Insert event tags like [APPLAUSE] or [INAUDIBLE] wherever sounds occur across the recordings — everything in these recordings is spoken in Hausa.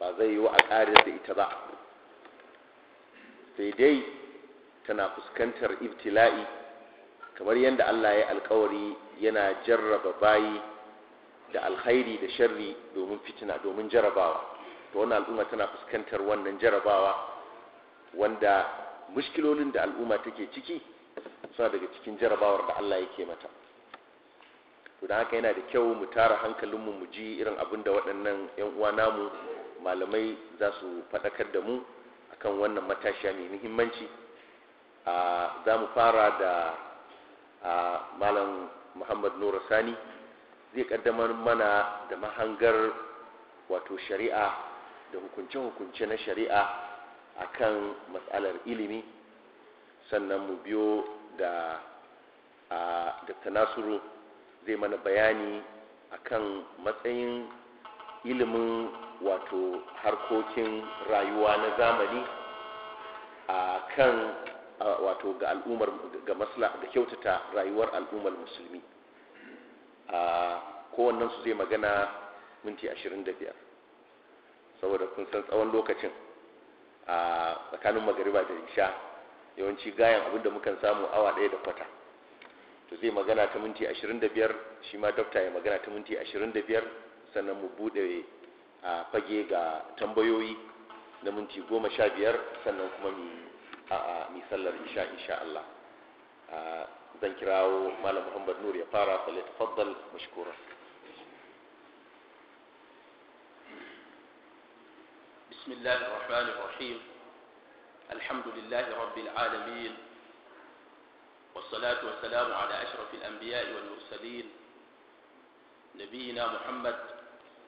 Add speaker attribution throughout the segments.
Speaker 1: ba zai yi wa a da ita ba sai dai tana fuskantar ibtila'i kamar yadda Allah ya alkawari yana jarraba bayi da alkhairi da sharri domin fitina domin jarabawa to wannan al'umma tana fuskantar wannan jarrabawa, wanda mushkilolin da al'umma take ciki suna daga cikin jarrabawar da Allah yake mata to da haka yana da kyau mu tara hankalinmu mu ji irin abin da waɗannan 'yan uwa namu malamai za su faɗakar da mu akan wannan matashiya mai muhimmanci za mu fara da malam muhammad nura sani zai ƙaddamar mana da mahangar wato shari'a da hukunce-hukunce na shari'a akan matsalar ilimi sannan mu biyo da dr nasiru zai mana bayani akan matsayin ilimin wato harkokin rayuwa na zamani a kan wato ga al'ummar ga masla ga kyautata rayuwar al'ummar musulmi a kowannen su zai magana minti 25 saboda kun san tsawon lokacin a tsakanin magariba da isha yawanci gayan abinda mukan samu awa ɗaya da kwata to zai magana ta minti 25 shi ma dokta ya magana ta minti 25 sannan mu bude a fage ga tambayoyi na minti 15 sannan kuma mu a a mi sallar isha insha Allah a zan kirawo malam Muhammad Nur ya fara fa tafaddal mashkura بسم الله الرحمن الرحيم الحمد لله رب العالمين والصلاة والسلام على أشرف الأنبياء والمرسلين نبينا محمد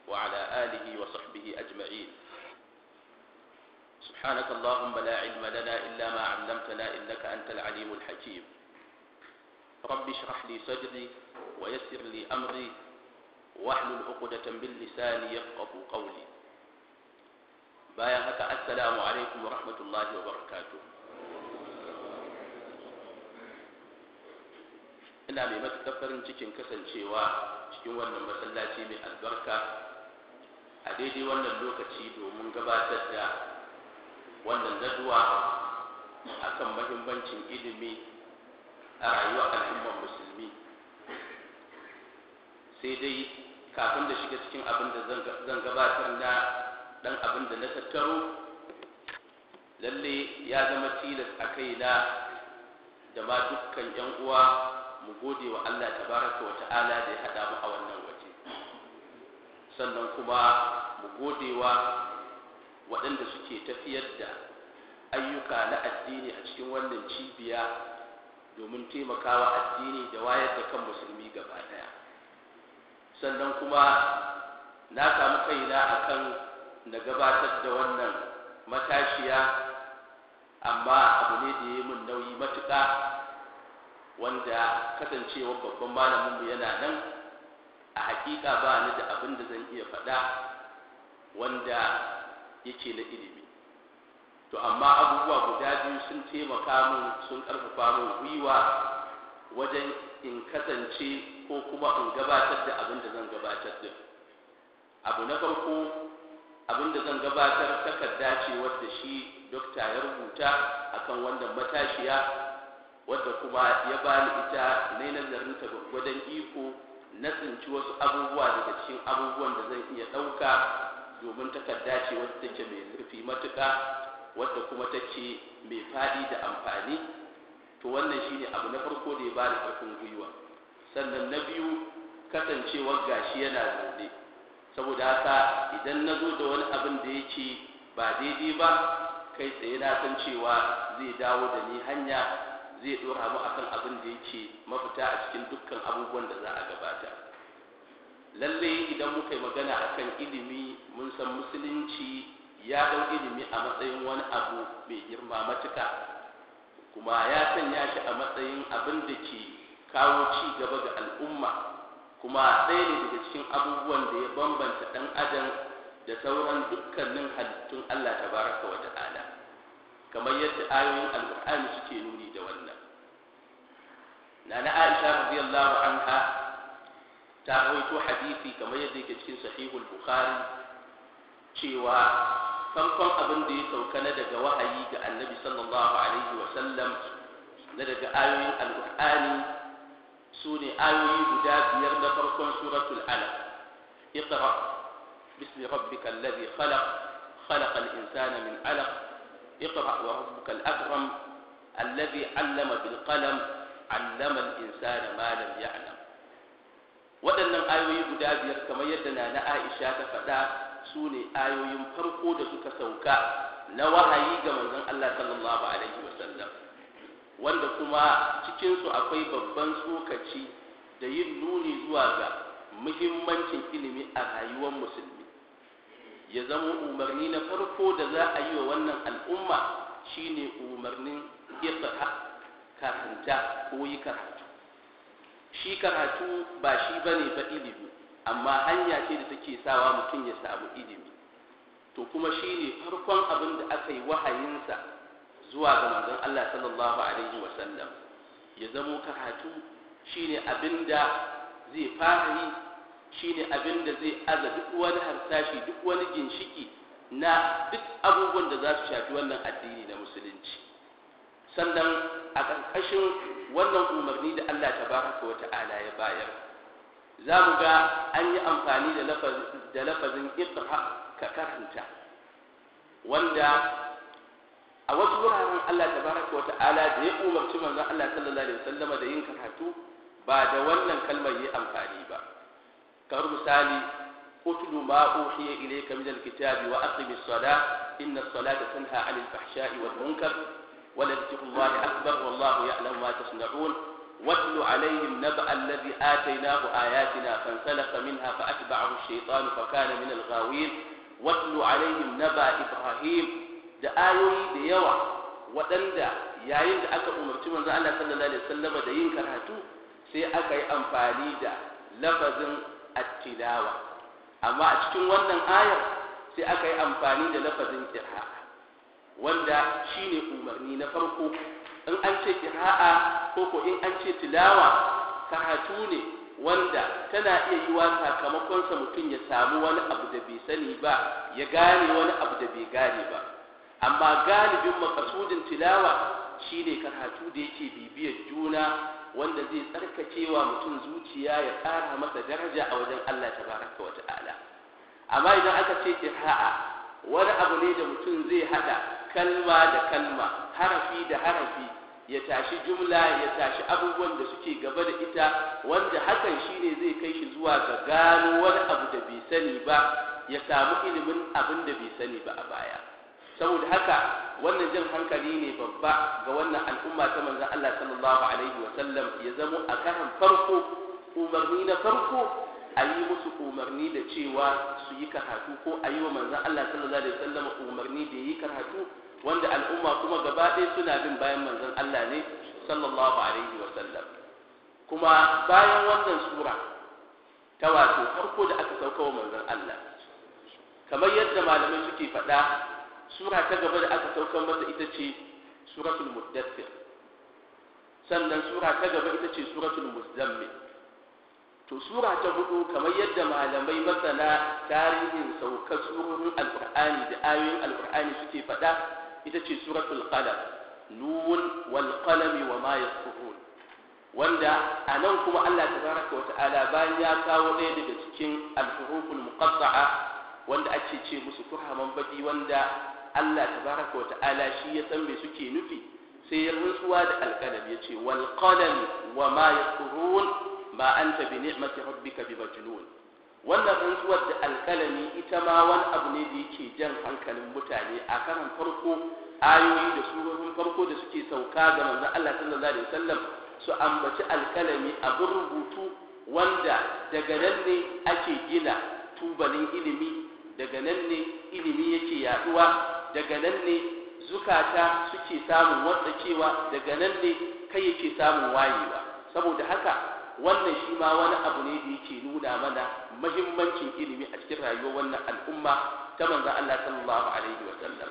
Speaker 1: وعلى آله وصحبه أجمعين سبحانك اللهم لا علم لنا إلا ما علمتنا إنك أنت العليم الحكيم رب اشرح لي صدري ويسر لي أمري واحلل عقدة باللسان يفقه قولي
Speaker 2: بايعك السلام عليكم
Speaker 1: ورحمة الله وبركاته illa mai matuƙar farin cikin kasancewa cikin wannan masallaci mai albarka a daidai wannan lokaci domin gabatar da wannan naduwa akan mahimmancin ilimi a rayuwar al'ummar musulmi sai dai kafin da shiga cikin abin da zan gabatar na dan abin da na tattaro lalle ya zama tilas a na da ma dukkan 'yan uwa mu gode wa Allah tabaraka wa ta'ala da ya haɗa mu a wannan waje sannan kuma mu gode wa waɗanda suke tafiyar da ayyuka na addini a cikin wannan cibiya domin taimakawa addini da wayar da kan musulmi gaba ɗaya sannan kuma na samu kaina akan na gabatar da wannan matashiya amma abu ne da ya yi mun nauyi matuƙa wanda kasancewa babban malamin mu yana nan a hakika ba ni da abin da zan iya faɗa wanda yake na ilimi to amma abubuwa guda biyu sun taimaka min sun ƙarfafa min gwiwa wajen in kasance ko kuma in gabatar da abin da zan gabatar din abu na farko abin da zan gabatar takarda ce wadda shi dokta ya rubuta akan wannan matashiya wadda kuma ya bani ita na yi nazarin ta gwaggwadon iko na tsinci wasu abubuwa daga cikin abubuwan da zan iya ɗauka domin takarda ce wadda take mai zurfi matuƙa wadda kuma take mai faɗi da amfani to wannan shine abu na farko da ya bani ƙarfin gwiwa sannan na biyu kasancewar gashi yana zaune saboda haka idan na zo da wani abin da yake ba daidai ba kai tsaye na san cewa zai dawo da ni hanya zai dora mu akan abin da yake mafita a cikin dukkan abubuwan da za a gabata lalle idan muka yi magana akan ilimi mun san musulunci ya dau ilimi a matsayin wani abu mai girma matuka kuma ya sanya shi a matsayin abin da ke kawo ci gaba ga al'umma kuma ɗaya ne daga cikin abubuwan da ya bambanta ɗan adam da sauran dukkanin halittun Allah tabaraka wa ta'ala kamar yadda ayoyin alƙur'ani suke nuni da wannan nana aisha radiyallahu anha ta rawaito hadisi kamar yadda yake cikin sahihul bukhari cewa farkon abin da ya sauka na daga wahayi ga annabi sallallahu alaihi wa sallam na daga ayoyin alƙur'ani su ne ayoyi guda biyar na farkon suratul alaq اقرأ باسم ربك الذي خلق خلق الإنسان من علق اقرأ وربك الأكرم الذي علم بالقلم علم الإنسان ما لم يعلم waɗannan ayoyi guda biyar kamar yadda na na Aisha ta faɗa su ne ayoyin farko da suka sauka na wahayi ga manzon Allah sallallahu alaihi wasallam wanda kuma cikin su akwai babban tsokaci da yin nuni zuwa ga muhimmancin ilimi a rayuwar musulmi ya zama umarni na farko da za a yi wa wannan al'umma shine umarnin iqra karanta ko yi karatu shi karatu ba shi bane ba ilimi amma hanya ce da take sawa mutum ya samu ilimi to kuma shi ne farkon abin da aka yi wahayinsa zuwa ga manzon Allah sallallahu alaihi wasallam ya zamo karatu shine abin da zai fara yi shine abin da zai aza duk wani harsashi duk wani ginshiki na duk abubuwan da za su shafi wannan addini na musulunci sannan a ƙarƙashin wannan umarni da Allah tabaraka wa ta'ala ya bayar za mu ga an yi amfani da lafazin iqra ka karanta wanda a wasu wuraren Allah tabaraka wa ta'ala da ya umarci manzon Allah sallallahu alaihi wasallama da yin karatu ba da wannan kalmar yi amfani ba كهر سالي اتل ما أوحي إليك من الكتاب وأقم الصلاة إن الصلاة تنهى عن الفحشاء والمنكر ولذكر الله أكبر والله يعلم ما تصنعون واتل عليهم نبأ الذي آتيناه آياتنا فانسلخ منها فأتبعه الشيطان فكان من الغاوين واتل عليهم نبأ إبراهيم دعاوي ديوع ودندا يا يد أكا أمرتمن الله صلى الله عليه وسلم دين كرهتو سي أكا أنفاليدا لفظ attilawa amma a cikin wannan ayar sai aka yi amfani da lafazin ƙirha wanda shine umarni na farko in an ce ƙirha'a, ko ko in an ce tilawa karatu ne wanda tana iya yi yiwa sakamakonsa mutum ya samu wani abu da bai sani ba ya gane wani abu da bai gane ba amma galibin makasudin tilawa shine karatu da yake bibiyar juna wanda zai tsarkakewa mutum zuciya ya ƙara masa daraja a wajen Allah tabaraka wa ta'ala amma idan aka ce ha'a wani abu ne da mutum zai haɗa kalma da kalma harafi da harafi ya tashi jumla ya tashi abubuwan da suke gaba da ita wanda hakan shine zai kai shi zuwa ga gano wani abu da bai sani ba ya samu ilimin abin da bai sani ba a baya saboda haka wannan jin hankali ne babba ga wannan al'umma ta manzon Allah sallallahu alaihi wa sallam ya zamo a karan farko umarni na farko a yi musu umarni da cewa su yi karatu ko a yi wa manzon Allah sallallahu alaihi wa sallam umarni da yi karatu wanda al'umma kuma gaba ɗaya suna bin bayan manzon Allah ne sallallahu alaihi wa sallam kuma bayan wannan sura ta wato farko da aka sauka wa manzon Allah kamar yadda malamai suke faɗa sura ta gaba da aka saukar masa ita ce suratul muddathir sannan sura ta gaba ita ce suratul muzammil to sura ta hudu kamar yadda malamai masana tarihin saukar surorin alqur'ani da ayoyin alqur'ani suke faɗa ita ce suratul qalam nun wal qalami wa ma yasqurun wanda a nan kuma Allah tabaraka wa ta'ala bayan ya kawo ɗaya daga cikin al-huruful muqatta'a wanda ake ce musu kurhaman baki wanda Allah tabaraka wa ta'ala shi ya san me suke nufi sai ya rantsuwa da alqalam yace wal qalam wa ma yaqurun ma anta bi ni'mati rabbika bi majnun wannan rantsuwar da alkalami ita ma wani abu ne da yake jan hankalin mutane a karan farko ayoyi da surorin farko da suke sauka ga manzon Allah sallallahu alaihi wasallam su ambaci alkalami abin rubutu wanda daga nan ne ake gina tubalin ilimi daga nan ne ilimi yake yaduwa daga nan ne zukata suke samun wartsakewa daga nan ne kai yake samun wayewa saboda haka wannan shi ma wani abu ne da yake nuna mana mahimmancin ilimi a cikin rayuwar wannan al'umma ta manzon Allah sallallahu alaihi wa sallam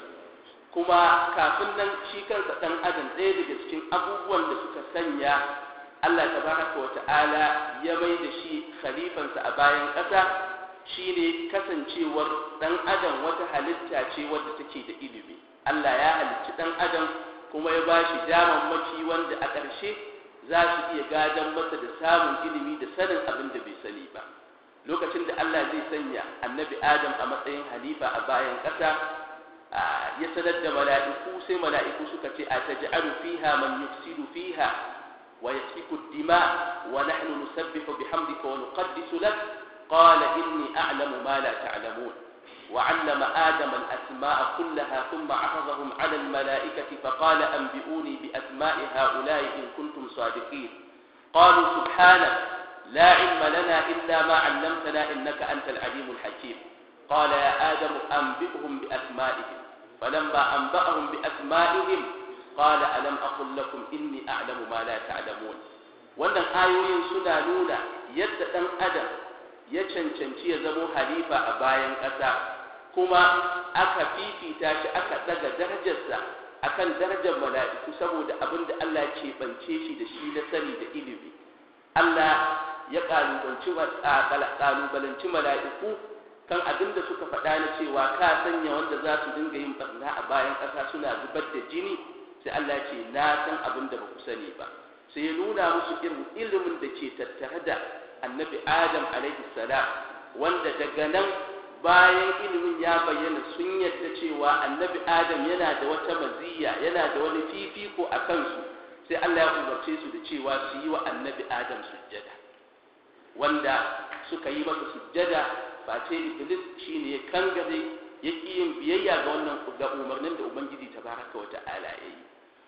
Speaker 1: kuma kafin nan shi kansa dan adam ɗaya daga cikin abubuwan da suka sanya Allah tabaraka wa ta'ala ya bai da shi khalifansa a bayan ƙasa shine kasancewar dan adam wata halitta ce wadda take da ilimi Allah ya halicci dan adam kuma ya bashi maki wanda a ƙarshe za su iya gadan masa da samun ilimi da sanin abin da bai sani ba lokacin da Allah zai sanya annabi adam a matsayin halifa a bayan ƙasa ya sanar da mala'iku sai mala'iku suka ce a taj'alu fiha man yufsidu fiha wa yasfiku dima wa nahnu nusabbihu bihamdika wa nuqaddisu lak qala inni a'lamu ma la ta'lamun وعلم آدم الأسماء كلها ثم عرضهم على الملائكة فقال أنبئوني بأسماء هؤلاء إن كنتم صادقين قالوا سبحانك لا علم لنا إلا ما علمتنا إنك أنت العليم الحكيم قال يا آدم أنبئهم بأسمائهم فلما أنبأهم بأسمائهم قال ألم أقل لكم إني أعلم ما لا تعلمون wannan ayoyin suna nuna yadda ɗan adam ya cancanci ya zamo halifa a bayan ƙasa kuma aka fifita shi aka daga darajarsa akan darajar mala'iku saboda abin da Allah ya keɓance shi da shi na sani da ilimi Allah ya ƙalubalanci mala'iku kan abin da suka faɗa na cewa ka sanya wanda za su dinga yin barna a bayan ƙasa suna zubar da jini sai Allah ce na san abin da ba ku sani ba sai ya nuna musu irin ilimin da ke tattare da annabi adam alaihi salam wanda daga nan bayan ilimin ya bayyana sun yadda cewa annabi adam yana da wata maziya. yana da wani fifiko a kansu sai Allah ya umarce su da cewa su yi wa annabi adam sujjada wanda suka yi masa sujjada ba ce iblis ne ya kangare ya ƙi yin biyayya ga wannan ga umarnin da ubangiji ta wata ala ya yi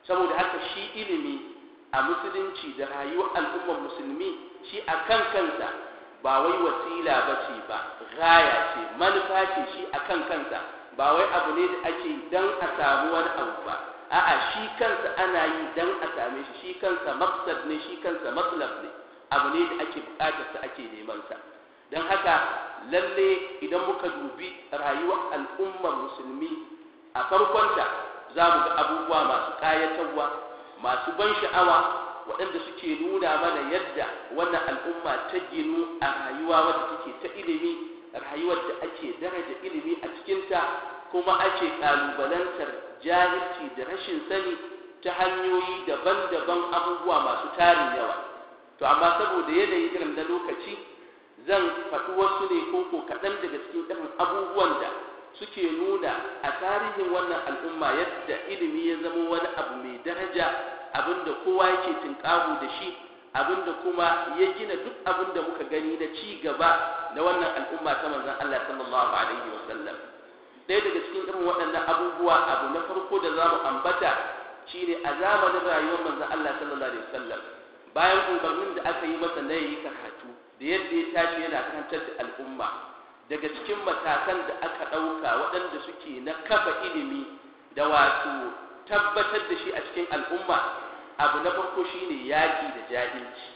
Speaker 1: saboda haka shi ilimi a musulunci da rayuwar al'ummar musulmi shi a kan kansa ba wai wasila ba ce ba gaya ce manufa ce shi akan kansa ba wai abu ne da ake don a samu wani abu ba a'a shi kansa ana yi don a same shi shi kansa maqsad ne shi kansa matlab ne abu ne da ake bukatar ake neman sa dan haka lalle idan muka dubi rayuwar al'ummar musulmi a farkonta za mu ga abubuwa masu kayatarwa masu ban sha'awa waɗanda suke nuna mana yadda wannan al'umma ta ginu a rayuwa wadda take ta ilimi rayuwar da ake daraja ilimi a cikinta kuma ake ƙalubalantar jahilci da rashin sani ta hanyoyi daban-daban abubuwa masu tarin yawa to amma saboda yanayi irin na lokaci zan faɗi wasu ne ko ko kaɗan daga cikin irin abubuwan da suke nuna a tarihin wannan al'umma yadda ilimi ya zama wani abu mai daraja abinda kowa yake tinkahu da shi abinda kuma ya gina duk abinda muka gani da ci gaba na wannan al'umma ta manzon Allah sallallahu alaihi wasallam ɗaya daga cikin irin waɗannan abubuwa abu na farko da za mu ambata shine a zamanin rayuwar manzon Allah sallallahu alaihi wasallam bayan umarnin da aka yi masa na yi karatu da yadda ya tashi yana kantar da al'umma daga cikin matakan da aka ɗauka waɗanda suke na kafa ilimi da wato tabbatar da shi a cikin al'umma abu na farko shine yaki da jahilci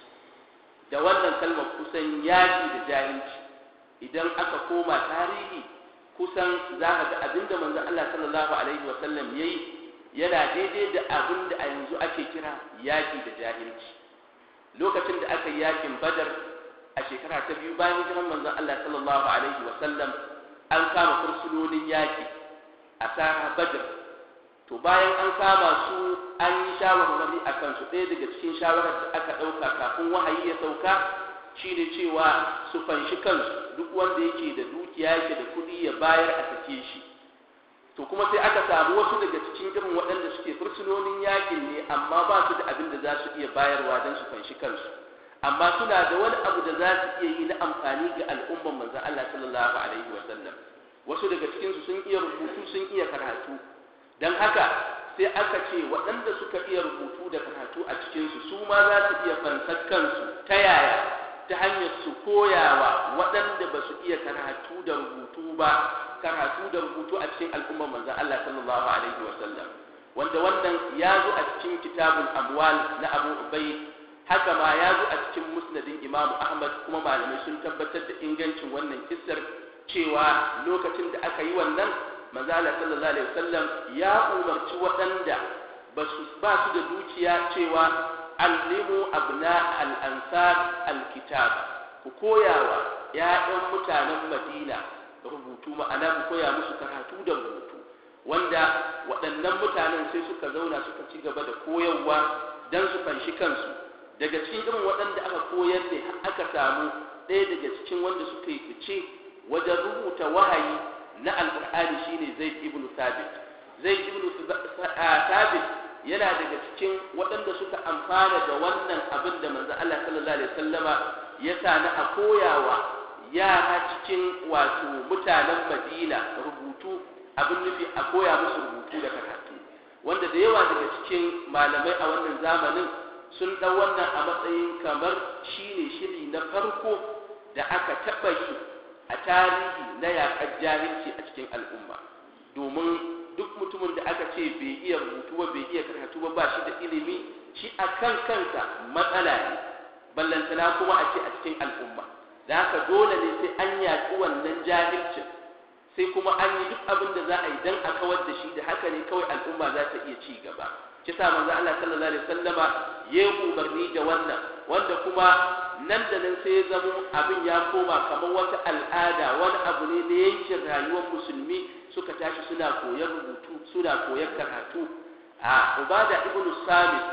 Speaker 1: da wannan kalmar kusan yaki da jahilci idan aka koma tarihi kusan za ka ga abin da Allah sallallahu alaihi wa sallam yayi yana daidai da abin da a yanzu ake kira yaki da jahilci lokacin da aka yi yakin badar a shekara ta biyu bayan hijiran manzon Allah sallallahu alaihi wa sallam an kama fursunonin yaki a tsara badar to bayan an kama su an yi shawarwari a kansu ɗaya daga cikin shawarar da aka ɗauka kafin wahayi ya sauka shine cewa su fanshi kansu duk wanda yake da dukiya yake da kuɗi ya bayar a sake shi to kuma sai aka samu wasu daga cikin irin waɗanda suke fursunonin yakin ne amma ba su da abin da za su iya bayarwa don su fanshi kansu amma suna da wani abu da za su iya yi na amfani ga al'umman manzon Allah sallallahu alaihi wasallam wasu daga cikinsu sun iya rubutu sun iya karatu don haka sai aka ce waɗanda suka iya rubutu da karatu a cikinsu su ma za su iya fansar kansu ta yaya ta hanyar su koyawa waɗanda ba su iya karatu da rubutu ba karatu da rubutu a cikin al'ummar manzon Allah sallallahu alaihi wa sallam. wanda wannan ya zo a cikin kitabul amwal na Abu haka ba ya zo a cikin musnadin Imam Ahmad kuma malamai sun tabbatar da ingancin wannan kissar cewa lokacin da aka yi wannan Maza sallallahu alaihi wasallam ya umarci waɗanda basu su ba su da dukiya cewa allimu abna al-ansar al-kitab ku koyawa ya'yan mutanen Madina rubutu ma'ana ku koya musu karatu da rubutu wanda waɗannan mutanen sai suka zauna suka ci gaba da koyarwa dan su fanshi kansu daga cikin irin waɗanda aka koyar ne aka samu ɗaya daga cikin wanda suka yi fice wajen rubuta wahayi na alqur'ani shine zaid ibn sabit zaid ibn sabit ah, yana daga cikin waɗanda suka amfana da wannan abin da manzo Allah sallallahu alaihi wasallama ya tana a koyawa yara cikin wato mutanen Madina rubutu abin nufi a koya musu rubutu da karatu wanda da yawa daga cikin malamai a wannan zamanin sun dau wannan a matsayin kamar shine shiri na farko da aka taɓa yi a tarihi na yaƙar jahilci a cikin al'umma domin duk mutumin da aka ce bai iya rubutu ba bai iya karatu ba ba shi da ilimi shi a kan kansa matsala ne ballantana kuma a ce a cikin al'umma da haka dole ne sai an yaƙi wannan jahilcin sai kuma an yi duk abin da za a yi don a kawar da shi da haka ne kawai al'umma za ta iya ci gaba kisa manzo Allah sallallahu alaihi wasallama ya umarni da wannan wanda kuma nan da nan sai ya zamo abin ya koma kamar wata al'ada wani abu ne da yankin rayuwar musulmi suka tashi suna koyar rubutu suna koyar karatu a ubada ibnu samit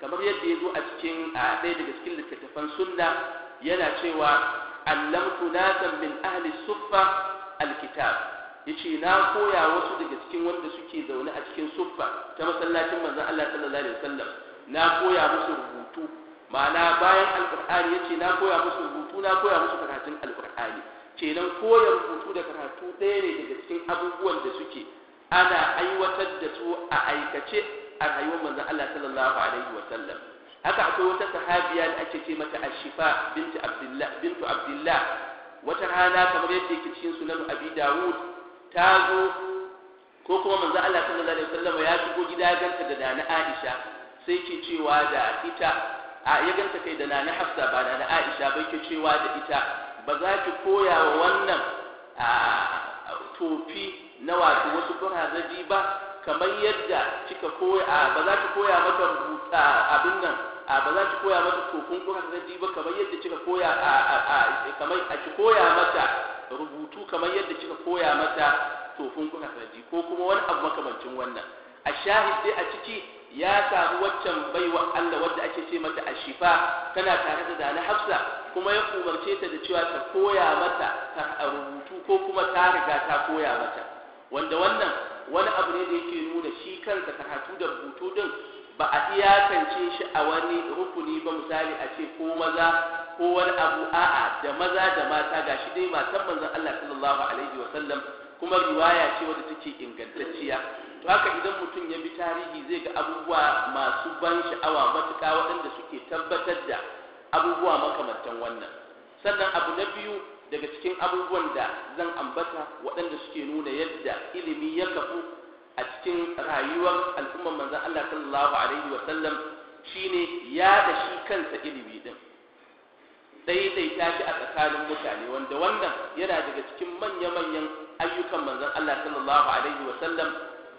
Speaker 1: kamar yadda ya zo a cikin a ɗaya daga cikin littattafan sunna yana cewa allamtu nasan min ahli suffa alkitab yace na koya wasu daga cikin wanda suke zaune a cikin suffa ta masallacin manzon Allah sallallahu alaihi wasallam na koya musu rubutu ma'ana bayan alqur'ani yace na koya musu rubutu na koya musu karatun alqur'ani kenan koya rubutu da karatu ɗaya ne daga cikin abubuwan da suke ana aiwatar da su a aikace a rayuwar manzon Allah sallallahu alaihi wasallam haka akwai wata sahabiya da ake ce mata ashifa bintu abdullah bintu abdullah wata rana kamar yadda yake cikin sunan abi dawud ta zo ko kuma manzo Allah sallallahu alaihi wasallam ya shigo gida ganta da dana Aisha sai ke cewa da ita a ya ganta kai da nana Hafsa ba da Aisha ba ke cewa da ita ba za ki koya wa wannan tofi na wato wasu kurazaji ba kamar yadda kika koya ba za ki koya mata rubuta abin nan a ba za ki koya mata tofin kurazaji ba kamar yadda kika koya a kamar a ki koya mata rubutu kamar yadda kika koya mata kun kuka saji ko kuma wani abu makamancin wannan a shahid dai a ciki ya samu waccan baiwa Allah wadda ake ce mata ashifa tana tare da dana hafsa kuma ya umarce ta da cewa ta koya mata ta rubutu ko kuma ta riga ta koya mata wanda wannan wani abu ne da yake nuna shi kansa karatu da rubutu din ba a iyakance shi a wani rukuni ba misali a ce ko maza ko wani abu a'a da maza da mata ga shi dai matan manzon Allah sallallahu alaihi wa sallam kuma riwaya ce wadda take ingantacciya to haka idan mutum ya bi tarihi zai ga abubuwa masu ban sha'awa matuƙa waɗanda suke tabbatar da abubuwa makamantan wannan sannan abu na biyu daga cikin abubuwan da zan ambata waɗanda suke nuna yadda ilimi ya kafu a cikin rayuwar al'ummar manzan Allah sallallahu alaihi wa sallam shine ya da shi kansa ilimi din daidaita shi a tsakanin mutane wanda wannan yana daga cikin manya-manyan ayyukan manzan Allah sallallahu alaihi wa sallam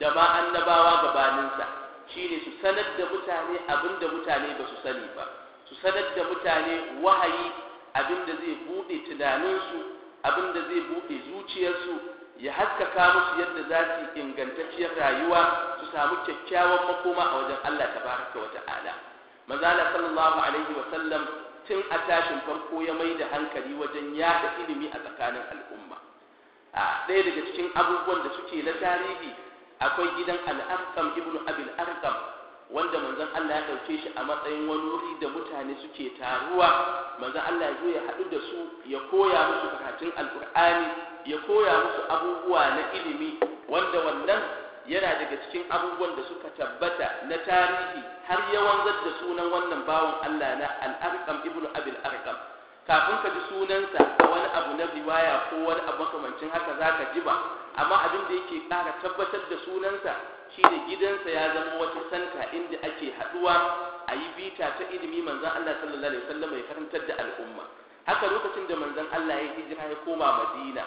Speaker 1: da ma annabawa gabaninsa shine su sanar da mutane abin da mutane ba su sani ba su sanar da mutane wahayi abin da zai buɗe tunaninsu abin da zai buɗe zuciyarsu ya haskaka musu yadda za su ingantacciyar rayuwa su samu kyakkyawan makoma a wajen Allah tabaraka wa ta'ala sallallahu alaihi wa sallam tun a tashin farko ya mai da hankali wajen yada ilimi a tsakanin al'umma a ɗaya daga cikin abubuwan da suke na tarihi akwai gidan al'arkam ibn abil arkam wanda manzon Allah ya ɗauke shi a matsayin wani wuri da mutane suke taruwa manzon Allah ya zo ya haɗu da su ya koya musu karatun alƙur'ani ya koya musu abubuwa na ilimi wanda wannan yana daga cikin abubuwan da suka tabbata na tarihi har yawan da sunan wannan bawon Allah na al-Arqam ibn Abil Arqam kafin ka ji sunansa da wani abu na riwaya ko wani abu makamancin haka zaka ji ba amma abin da yake ƙara tabbatar da sunansa shine gidansa ya zama wata santa inda ake haɗuwa a yi bita ta ilimi manzon Allah sallallahu alaihi wasallam ya karantar da al'umma haka lokacin da manzon Allah ya hijira ya koma Madina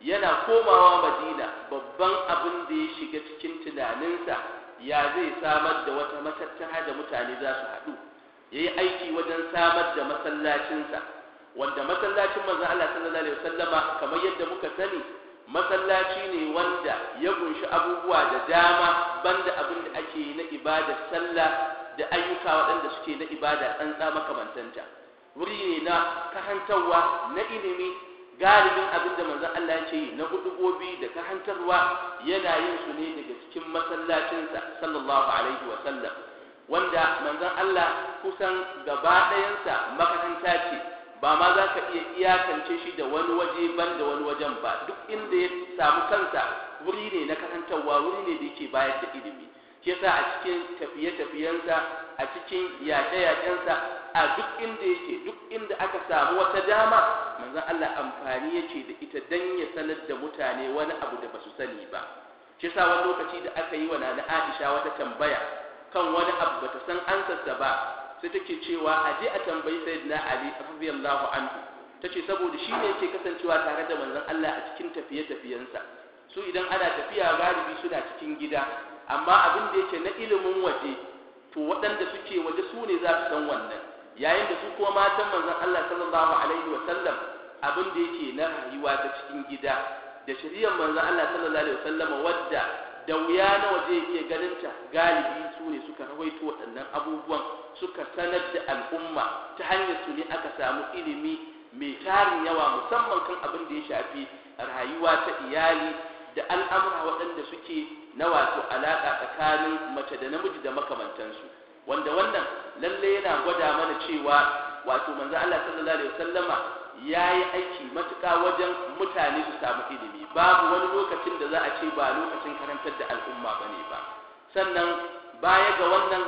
Speaker 1: yana komawa madina babban abin da ya shiga cikin tunaninsa ya zai samar da wata matattara da mutane za su haɗu ya yi aiki wajen samar da masallacinsa wanda masallacin manzan Allah sallallahu alaihi wasallama kamar yadda muka sani masallaci ne wanda ya kunshi abubuwa da dama banda abin da ake na ibadar sallah da ayyuka waɗanda suke na ibada tsantsa makamantanta wuri ne na kahantarwa na ilimi galibin abin da manzon Allah ya ce na hudubobi da kahantarwa yana yin su ne daga cikin masallacinsa sallallahu alaihi wa sallam wanda manzon Allah kusan gaba ɗayansa makaranta ce ba ma za ka iya iyakance shi da wani waje ban da wani wajen ba duk inda ya samu kansa wuri ne na karantarwa wuri ne da yake bayar da ilimi shi yasa a cikin tafiye-tafiyensa a cikin yaƙe-yaƙensa a duk inda yake duk inda aka samu wata dama manzon Allah amfani yake da ita dan ya sanar da mutane wani abu da basu sani ba shi yasa wani lokaci da aka yi wa na Aisha wata tambaya kan wani abu bata san ansarsa ba sai take cewa a je a tambayi Sayyidina Ali radiyallahu anhu tace saboda shi ne yake kasancewa tare da manzon Allah a cikin tafiye-tafiyensa su idan ana tafiya galibi suna cikin gida amma abin da yake na ilimin waje to waɗanda suke waje su ne za su san wannan yayin da su kuma matan manzon Allah sallallahu alaihi wa sallam abin da yake na rayuwa ta cikin gida da shari'ar manzon Allah sallallahu alaihi wa sallam wadda da wuya na waje yake ganin ta galibi su ne suka rawaito waɗannan abubuwan suka sanar da al'umma ta hanyar su ne aka samu ilimi mai tarin yawa musamman kan abin da ya shafi rayuwa ta iyali da al'amura waɗanda suke na wato alaƙa tsakanin mace da namiji da makamantansu wanda wannan lalle yana gwada mana cewa wato manzo Allah sallallahu alaihi wasallama yayi aiki matuƙa wajen mutane su samu ilimi babu wani lokacin da za a ce ba lokacin karantar da al'umma bane ba sannan baya ga wannan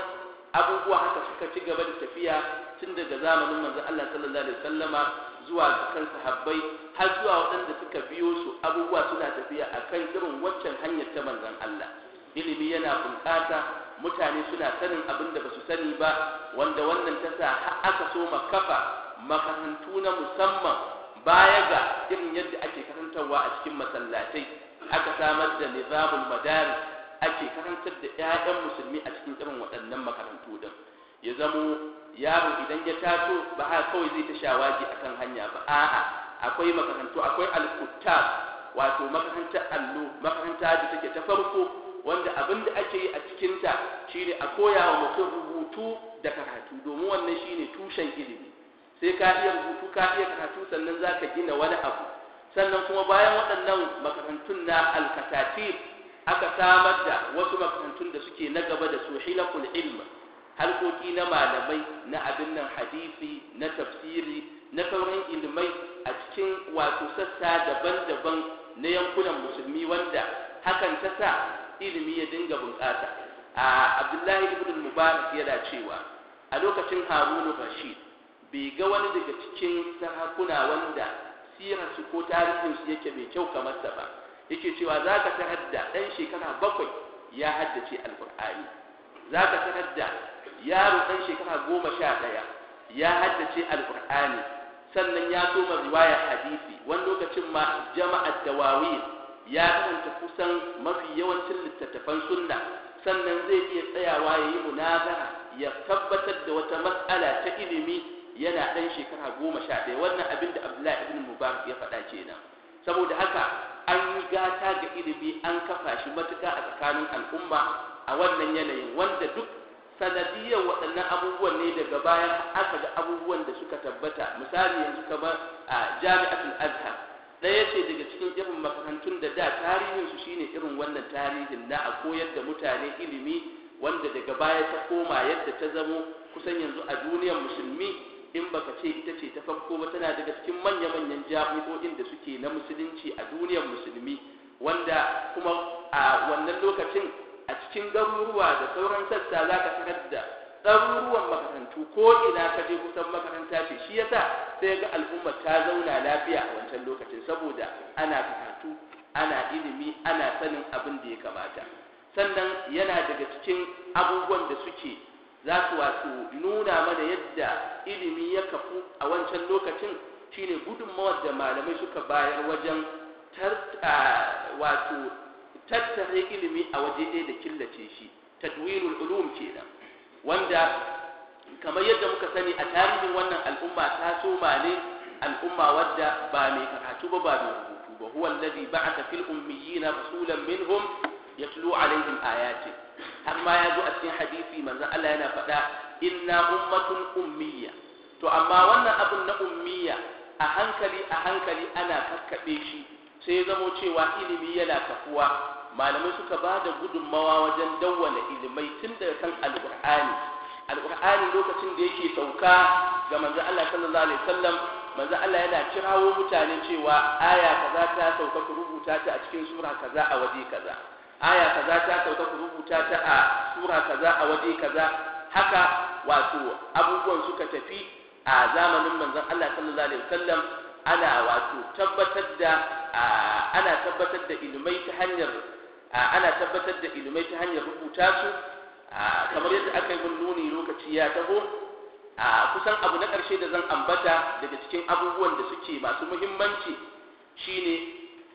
Speaker 1: abubuwa haka suka ci gaba da tafiya tun daga zamanin manzo Allah sallallahu alaihi wasallama zuwa kan sahabbai har zuwa waɗanda suka biyo su abubuwa suna tafiya a kan irin waccan hanyar ta manzon Allah ilimi yana bunƙasa mutane suna sanin abin da basu sani ba wanda wannan ta sa aka so makafa makarantu na musamman baya ga irin yadda ake karantarwa a cikin masallatai aka samar da nizamul madari ake karantar da 'ya'yan musulmi a cikin irin waɗannan makarantu din ya zamo yaro idan ya taso ba ha kawai zai ta shawagi akan hanya ba a'a akwai makarantu akwai alkutta wato makarantar allo makaranta da take ta farko wanda abin da ake yi a cikin ta shine a koya wa mutum rubutu da karatu domin wannan shine tushen ilimi sai ka iya rubutu ka iya karatu sannan za gina wani abu sannan kuma bayan waɗannan makarantun na al-katatib aka samar da wasu makarantun da suke na gaba da su ilmi harkoki na malamai na abin nan hadisi na tafsiri na sauran ilimai a cikin wato sassa daban-daban na yankunan musulmi wanda hakan ta sa ilimi ya dinga bunƙasa a abdullahi ibn mubarak yana cewa a lokacin harunu rashid bai ga wani daga cikin sarakuna wanda sirarsu ko tarihinsu yake mai kyau kamar sa ba yake cewa za ka tarar da ɗan shekara bakwai ya haddace alƙur'ani za ka tarar da yaro ɗan shekara goma sha ɗaya ya haddace alƙur'ani sannan ya soma riwaya hadisi wani lokacin ma jama'ar dawawi ya karanta kusan mafi yawancin littattafan sunna sannan zai iya tsayawa ya yi munazara ya tabbatar da wata matsala ta ilimi yana ɗan shekara goma sha ɗaya wannan abin da abdullahi ibn mubarak ya faɗa kenan saboda haka an yi gata ga ilimi an kafa shi matuka a tsakanin al'umma a wannan yanayin wanda duk sanadiyar waɗannan abubuwan ne daga bayan aka ga abubuwan da suka tabbata misali yanzu kamar a jami'atul azhar ɗaya ce daga cikin irin makarantun da da tarihinsu shine irin wannan tarihin na a koyar da mutane ilimi wanda daga baya ta koma yadda ta zamo kusan yanzu a duniyar musulmi in baka ce ita ce ta farko ba tana daga cikin manya-manyan jami'o'in da suke na musulunci a duniyar musulmi wanda kuma a wannan lokacin cikin garuruwa da sauran sassa za ka sanar da ɗaruruwan makarantu ko ina ka je kusan makaranta ce shi yasa sai ga al'umma ta zauna lafiya a wancan lokacin saboda ana karatu ana ilimi ana sanin abin da ya kamata sannan yana daga cikin abubuwan da suke za su wato nuna mana yadda ilimi ya kafu a wancan lokacin shine gudunmawar da malamai suka bayar wajen wato tattare ilimi a waje ɗaya da killace shi tadwilul ulum kenan wanda kamar yadda muka sani a tarihin wannan al'umma ta soma ne al'umma wadda ba mai karatu ba ba mai rubutu ba huwa alladhi ba'atha fil ummiyina rasulan minhum yatlu alaihim ayati har ma ya zo a cikin hadisi manzon Allah yana faɗa inna ummatun ummiya to amma wannan abun na ummiya a hankali a hankali ana kakkaɓe shi sai zamo cewa ilimi yana kafuwa malamai suka ba da gudunmawa wajen dawwana ilimai tun daga kan alƙur'ani alƙur'ani lokacin da yake sauka ga manzo Allah sallallahu alaihi wasallam manzo Allah yana kirawo mutane cewa aya kaza ta sauka ku rubuta ta a cikin sura kaza a waje kaza aya kaza ta sauka ku rubuta ta a sura kaza a waje kaza haka wato abubuwan suka tafi a zamanin manzon Allah sallallahu alaihi wasallam ana wato tabbatar da ana tabbatar da ilmai ta hanyar ana tabbatar da ilmai ta hanyar rubuta su kamar yadda aka yi nuni lokaci ya taho kusan abu na ƙarshe da zan ambata daga cikin abubuwan da suke masu muhimmanci shine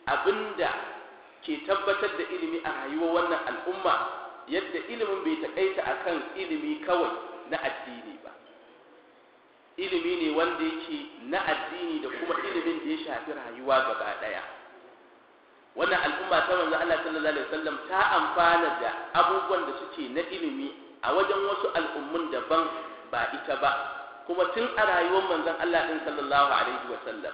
Speaker 1: abinda ke tabbatar da ilimi a rayuwar wannan al'umma yadda ilimin bai taƙaita akan ilimi kawai na addini ba ilimi ne wanda yake na addini da kuma ilimin da ya shafi rayuwa gaba ɗaya. wannan al'umma ta manzo Allah sallallahu alaihi wasallam ta amfana da abubuwan da suke na ilimi a wajen wasu al'ummun daban ba ita ba kuma tun a rayuwar manzon Allah din sallallahu alaihi wasallam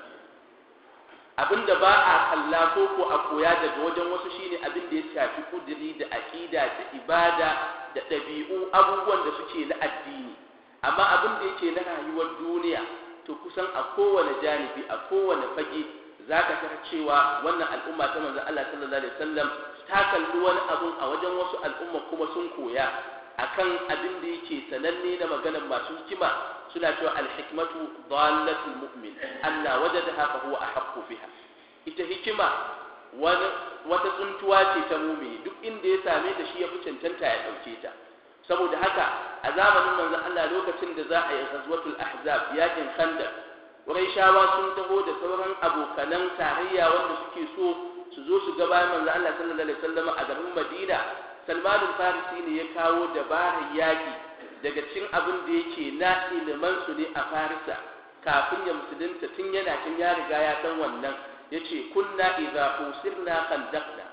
Speaker 1: abinda ba a kalla ko ko a koya daga wajen wasu shine abin da ya shafi kudiri da aqida da ibada da ɗabi'u abubuwan da suke na addini amma abin da yake na rayuwar duniya to kusan a kowane janibi a kowane fage za ka tara cewa wannan al'umma ta manzon Allah sallallahu alaihi wasallam ta kalli wani abun a wajen wasu al'umma kuma sun koya akan abin da yake sananne na maganar masu hikima suna cewa hikmatu dallatul mu'min Allah wajadaha fa huwa ahaqqu biha ita hikima wata tsuntuwa ce ta mumini duk inda ya same ta shi ya fi cancanta ya ɗauke ta saboda haka a zamanin manzon Allah lokacin da za a yi ghazwatul ahzab yakin khandaq shawa sun taho da sauran abokanan tarayya wanda suke so su zo su gaba manzon Allah sallallahu alaihi wasallam a garin Madina Salman al-Farisi ne ya kawo dabarar yaki daga cikin abin da yake na iliman su ne a Farisa kafin ya musulunta tun yana kin ya riga ya san wannan yace kunna idza usirna khandaqna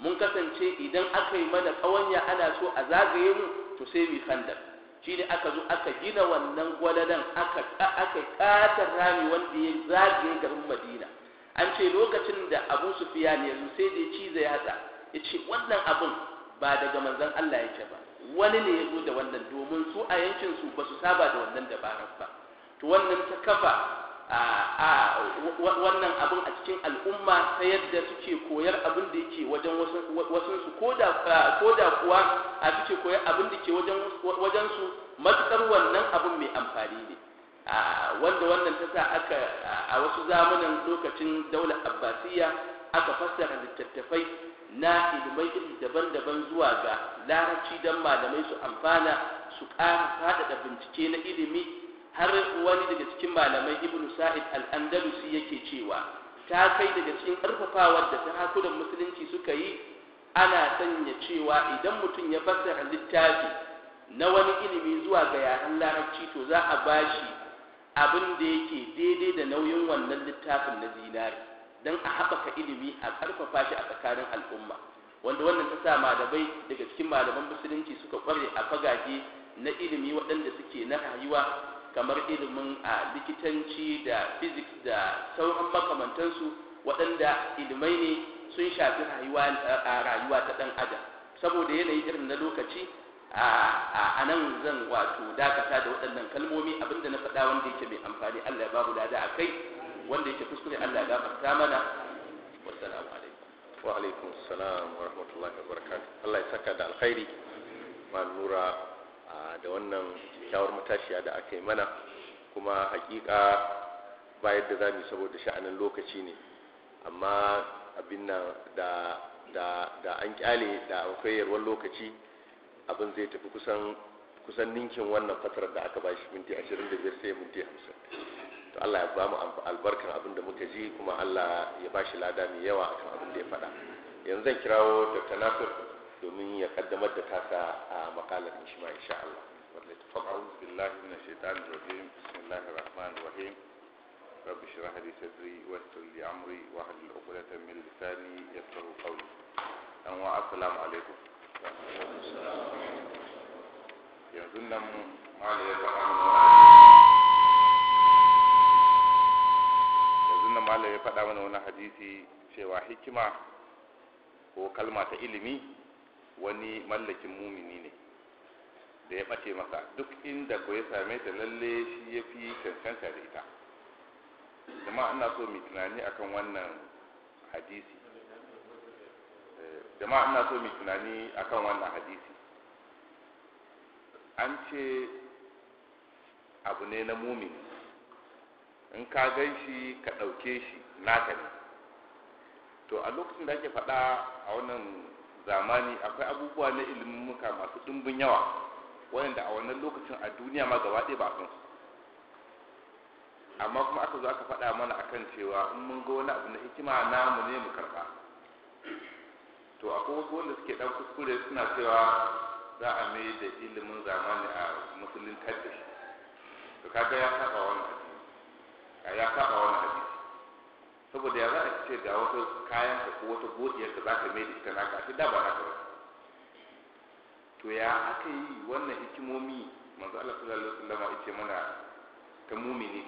Speaker 1: mun kasance idan aka yi mana kawanya ana so a zagaye mu to sai mu khandar shine aka zo aka gina wannan gwaladan aka aka kata rami wanda ya zagaye garin Madina an ce lokacin da Abu Sufyan ya zo sai da ci cize ya hada ya ce wannan abun ba daga manzon Allah yake ba wani ne ya zo da wannan domin su a yankin su ba su saba da wannan dabarar ba to wannan ta kafa wannan abin a cikin al'umma ta yadda suke koyar abin da yake wajen wasansu, ko da kuwa a suke koyar abin da ke wajensu matuƙar wannan abin mai amfani ne wanda wannan ta sa aka a wasu zamanin lokacin daular abbasiya aka fassara littattafai na ilimai iri daban-daban zuwa ga larabci don malamai su amfana su ƙara faɗaɗa bincike na ilimi har wani daga cikin malamai ibn sa'id al-andalusi yake cewa ta kai daga cikin ƙarfafawar da ta da musulunci suka yi ana sanya cewa idan mutum ya fassara littafi na wani ilimi zuwa ga yaren larabci to za a bashi abin da yake daidai da nauyin wannan littafin na zinari don a haɓaka ilimi a ƙarfafa shi a tsakanin al'umma wanda wannan ta sa malamai daga cikin malaman musulunci suka kware a fagage na ilimi waɗanda suke na rayuwa kamar ilimin a likitanci da physics da sauran makamantansu waɗanda ilimai ne sun shafi rayuwa ta ɗan adam saboda yanayi irin na lokaci a nan zan wato dakata da waɗannan kalmomi abinda na faɗa wanda yake mai amfani Allah ya babu lada a kai wanda yake kuskure Allah ya gafarta mana wassalamu alaikum wa alaikum assalam wa rahmatullahi wa barakatuh Allah ya saka da alkhairi ma nura da wannan kyakkyawar matashiya da aka yi mana kuma hakika bayar da zamu saboda sha'anin lokaci ne amma abin nan da da da an kyale da akwai yarwar lokaci abin zai tafi kusan kusan ninkin wannan fatarar da aka bashi minti 25 sai minti 50 to Allah ya ba mu albarkan abin da muka ji kuma Allah ya bashi lada mai yawa akan abin da ya faɗa yanzu zan kirawo Dr. Nasir domin ya kaddamar da tasa a makalar shi ma insha Allah فأعوذ بالله من الشيطان الرجيم بسم الله الرحمن الرحيم رب اشرح لي صدري ويسر لي أمري واحلل عقدة من لساني يفقه قولي أنواع السلام عليكم yanzu nan mali ya faɗa mana yanzu nan mali ya faɗa mana wani hadisi cewa hikima ko kalma ta ilimi wani mallakin mumini ne da ya ɓace masa duk inda ko ya same ta lalle shi ya fi cancanta da ita jama'a ana so mu tunani akan wannan hadisi eh, ana so mu tunani akan wannan hadisi an ce abu ne na mumini in ka gan shi ka ɗauke shi naka ne to a lokacin da ake faɗa a wannan zamani akwai abubuwa na ilimin muka masu ɗumbin yawa wayanda a wannan lokacin a duniya ma gaba ɗaya ba a san su amma kuma aka zo aka faɗa mana akan cewa in mun ga wani abu na hikima namu ne mu karɓa to akwai wasu wanda suke ɗan kuskure suna cewa za a mai da ilimin zamani a musulun kadda to kaga ya saba wannan hadisi ya saba wannan hadisi saboda ya za a ce ga wata kayan ka ko wata godiyar ka za ka mai da ita naka a da ba naka ba to ya aka yi wannan hikimomi manzo Allah sallallahu alaihi wasallam yace ce mana ta mumini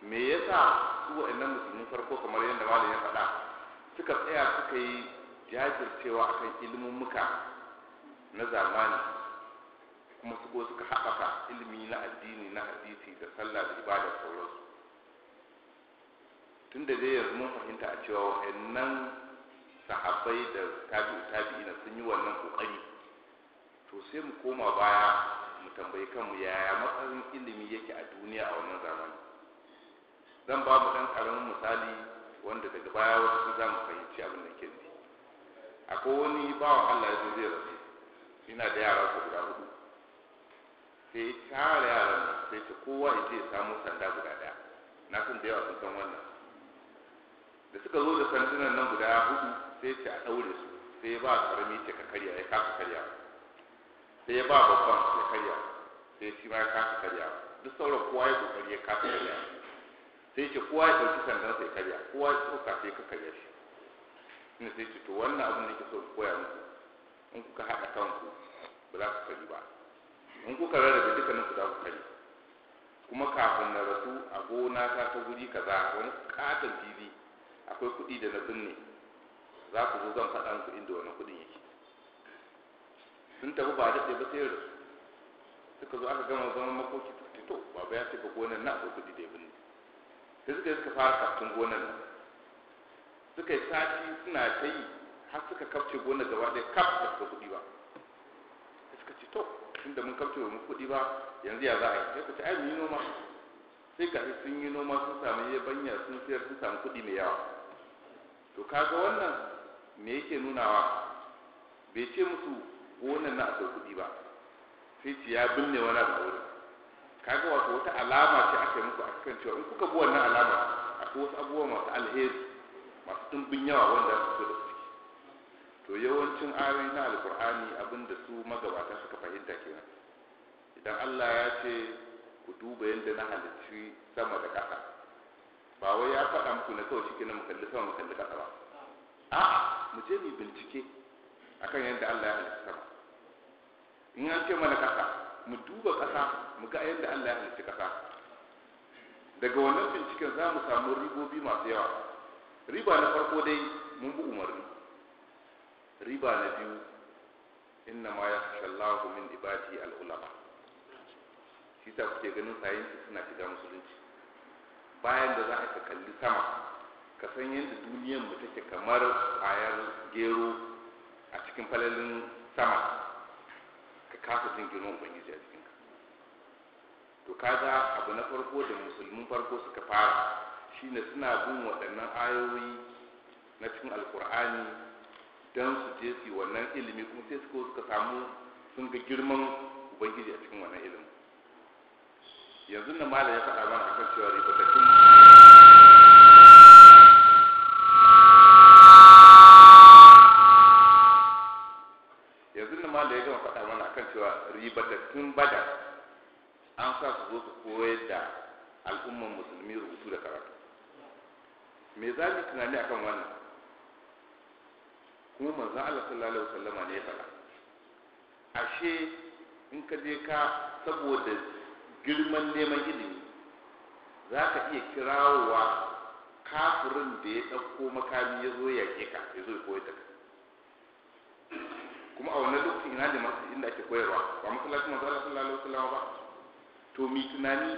Speaker 1: ce me yasa su wa'annan musulmin farko kamar yadda malam ya faɗa suka tsaya suka yi jajircewa akan ilmummuka na zamani kuma su go suka haɓaka ilimi na addini na hadisi da sallah da ibada sauransu tun dai yanzu mun fahimta a cewa wa'annan sahabbai da tabi'u tabi'ina sun yi wannan kokari to sai mu koma baya mu tambayi kanmu yaya matsayin ilimi yake a duniya a wannan zamani zan ba mu ɗan karamin misali wanda daga baya wasu za mu fahimci abin da ke nufi akwai wani bawan Allah ya zo zai rasu ina da yara su guda hudu sai tare yaran nan sai ta kowa ya je samu sanda guda ɗaya na san da yawa sun san wannan da suka zo da sandunan nan guda hudu sai ce a daure su sai ya ba karami ce ka karya ya kasa karya sai ya ba babban ya karya sai shi ma ya kasa karya duk sauran kowa ya kokari ya kasa karya sai ce kowa ya ɗauki sandan sai karya kowa ya tsoka sai ka karya shi ina sai ce to wannan abin da ke so koya muku in kuka haɗa kanku ba za ku kari ba in kuka rarrabe dukkanin ku za ku kari kuma kafin na rasu a gona ta ta guri kaza wani katon fili akwai kuɗi da na binne za ku zo zan faɗa muku inda wani kuɗin yake sun tafi ba daɗe ba sai rasu suka zo aka gama zaman makoki suka to baba ya ce ba gonan na ko kuɗi da ya binne sai suka yi suka fara kaftun gonar nan suka yi sati suna ta yi har suka kafce gonar gaba ɗaya kaf da suka kuɗi ba sai suka ce to tunda mun kafce ba mu kuɗi ba yanzu ya za a yi sai ku ce ai mu yi noma sai ka sun yi noma sun samu yabanya sun sayar sun samu kuɗi mai yawa to kaga wannan me yake nunawa bai ce musu wannan na akwai kuɗi ba sai ce ya binne wani abu wurin kaga wato wata alama ce aka yi muku a kan cewa in kuka bi wannan alama akwai wasu abubuwa masu alheri masu ɗumbin yawa wanda su su da su to yawancin ayoyi na alkur'ani abinda su magabata suka fahimta kenan idan Allah ya ce ku duba yadda na halittu sama da ƙasa ba wai ya faɗa muku na kawai shi kenan mu kalli sama mu kalli ƙasa ba a mu je mu bincike akan yadda Allah ya halitta sama in an ce mana kasa mu duba kasa mu ga yadda Allah ya halitta kasa daga wannan binciken za mu samu ribobi masu yawa riba na farko dai mun bi umarni riba na biyu inna ma ya shallahu min ibadi al'ulama shi ta kuke ganin sayin suna shiga musulunci bayan da za ka kalli sama ka san yadda duniyar mu take kamar kwayar gero a cikin falalin sama ka kasa jin girman ubangiji a cikinka to kaga abu na farko da musulmin farko suka fara shine suna bin waɗannan ayoyi na cikin alkur'ani don su je su wannan ilimi kuma sai suka suka samu sun ga girman ubangiji a cikin wannan ilimin yanzu na malam ya faɗa mana akan cewa ribatattun cewa tun bada an sa su zo su koyar da al'umman musulmi rubutu da karatu me za mu tunani akan wannan kuma manzan Allah sallallahu alaihi wasallama ne ya faɗa ashe in ka je ka saboda girman neman ilimi za ka iya kirawowa kafirin da ya ɗauko makami ya zo ya ka ya zo ya koyar da kai kuma a wannan lokacin ina da masu inda ake koyarwa ba masallacin manzo Allah sallallahu alaihi wasallam ba to mi tunani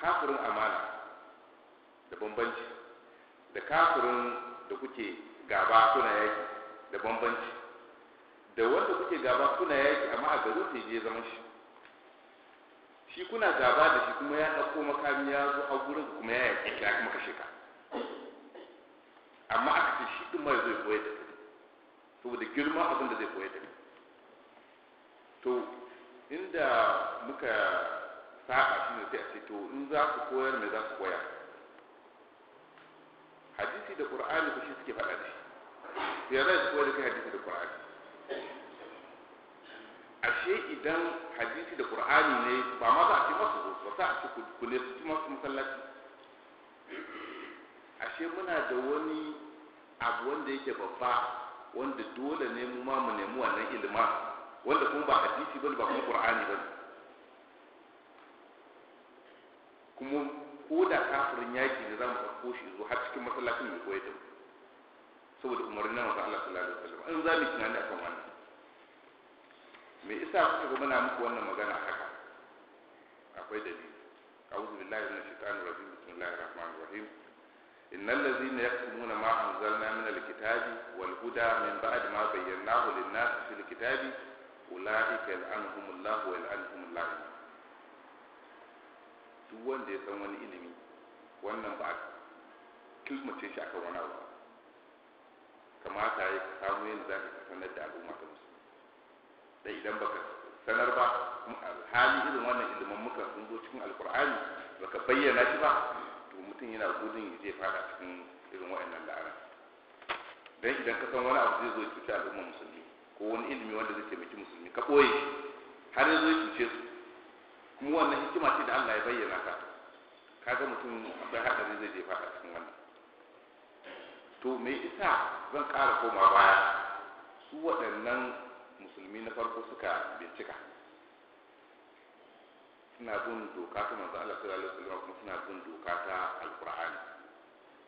Speaker 1: kafirin amana da bambanci da kafirin da kuke gaba suna yaki da bambanci da wanda kuke gaba suna yaki amma a garin sai je zaman shi shi kuna gaba da shi kuma ya dauko makami ya zo a gurin kuma ya yaki ya kuma kashe ka amma aka ce shi ɗin ma ya zo ya koyar da saboda girma abin da zai koya da ni to inda muka sa'a shi ne sai a ce to in za ku koyar mai za ku koya hadisi da qur'ani ku shi suke faɗa da shi ya za koyar da kai hadisi da qur'ani ashe idan hadisi da qur'ani ne ba ma za a ce masu zo ba za a ce ku ne su masu masallaci ashe muna da wani abu wanda yake babba wanda dole ne mu ma mu nemi wannan ilima wanda kuma ba hadisi bane ba kuma qur'ani bane kuma ko da kafirin yaki da zamu mu shi zo har cikin masallacin mai koyar da saboda umarni na manzo Allah sallallahu alaihi wasallam An za mu tunani akan wannan me isa kuka ga muna muku wannan magana haka akwai dalili a'udhu billahi minash shaitanir rajim bismillahir rahmanir rahim innal ladzina yaktumuna ma anzalna min alkitabi wal huda min ba'di ma bayyanahu lin-nas fil kitabi ulaika yal'anuhumullahu wa yal'anuhumul la'in wanda ya san wani ilimi wannan ba a kilmace shi akan wani abu kamata ya samu yadda za ka sanar da al'umma ta musu da idan baka sanar ba hali irin wannan ilimin muka sun zo cikin alkur'ani baka bayyana shi ba mutum yana gudun ya zai fada cikin irin wa'annan la'ana dan idan ka san wani abu zai zo a cuci al'ummar musulmi ko wani ilimi wanda zai taimaki musulmi ka ɓoye har ya ya cuce su kuma wannan hikima ce da Allah ya bayyana ka ga mutum akwai haɗari zai je fada cikin wannan to me isa zan ƙara koma baya su waɗannan musulmi na farko suka bincika suna bin doka ta manzo Allah sallallahu alaihi wasallam kuma suna bin doka ta alqur'ani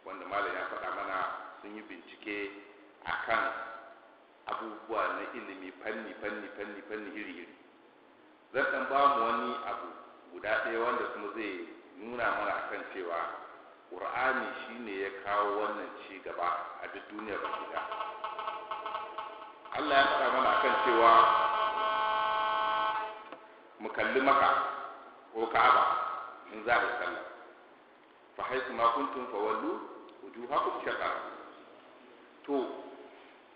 Speaker 1: wanda malam ya faɗa mana sun yi bincike akan abubuwa na ilimi fanni fanni fanni fanni iri iri zan dan ba mu wani abu guda ɗaya wanda kuma zai nuna mana akan cewa qur'ani shine ya kawo wannan ci gaba a duk duniyar baki Allah ya faɗa mana akan cewa mu kalli maka ko ka'aba in za a yi sallah fa haiku ma kuntum fa wallu wujuhakum shaqqara to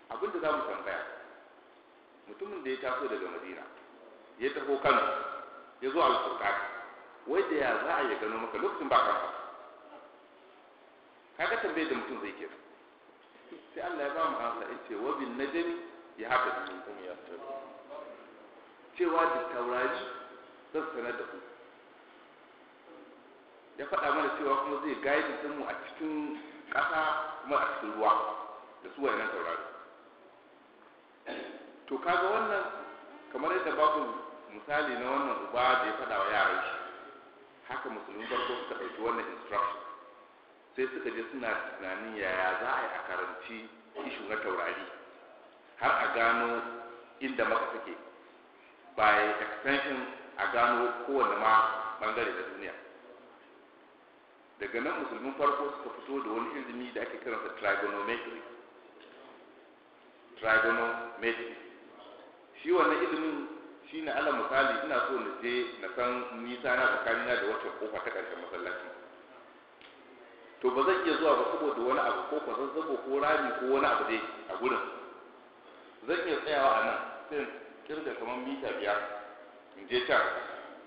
Speaker 1: abin da za mu tambaya mutumin da ya taso daga madina ya taho kano ya zo alfurqat wai da ya za a yi gano maka lokacin ba kanka kaga tambayar da mutum zai ke kira sai Allah ya ba mu in ce wa bin najmi ya haka da mun ya cewa da taurari zan sanar da ku ya faɗa mana cewa kuma zai gaidi mu a cikin ƙasa kuma a cikin ruwa da su wayannan taurari to kaga wannan kamar yadda babu misali na wannan uba da ya faɗa wa yaran shi haka musulmin farko suka ɗauki wannan instruction sai suka je suna tunanin yaya za a yi a karanci ishu na taurari har a gano inda maka take by extension a gano kowane ma bangare da duniya daga nan musulmin farko suka fito da wani ilimi da ake kiransa trigonometry trigonometry shi wannan ilimin shi ne ala misali ina so na je na san nisa na tsakanina da wacce kofa ta ƙarshen masallaci to ba zan iya zuwa ba saboda wani abu ko zazzabo ko rami ko wani abu dai a gurin zan iya tsayawa a nan sai kirga kamar mita biyar in je can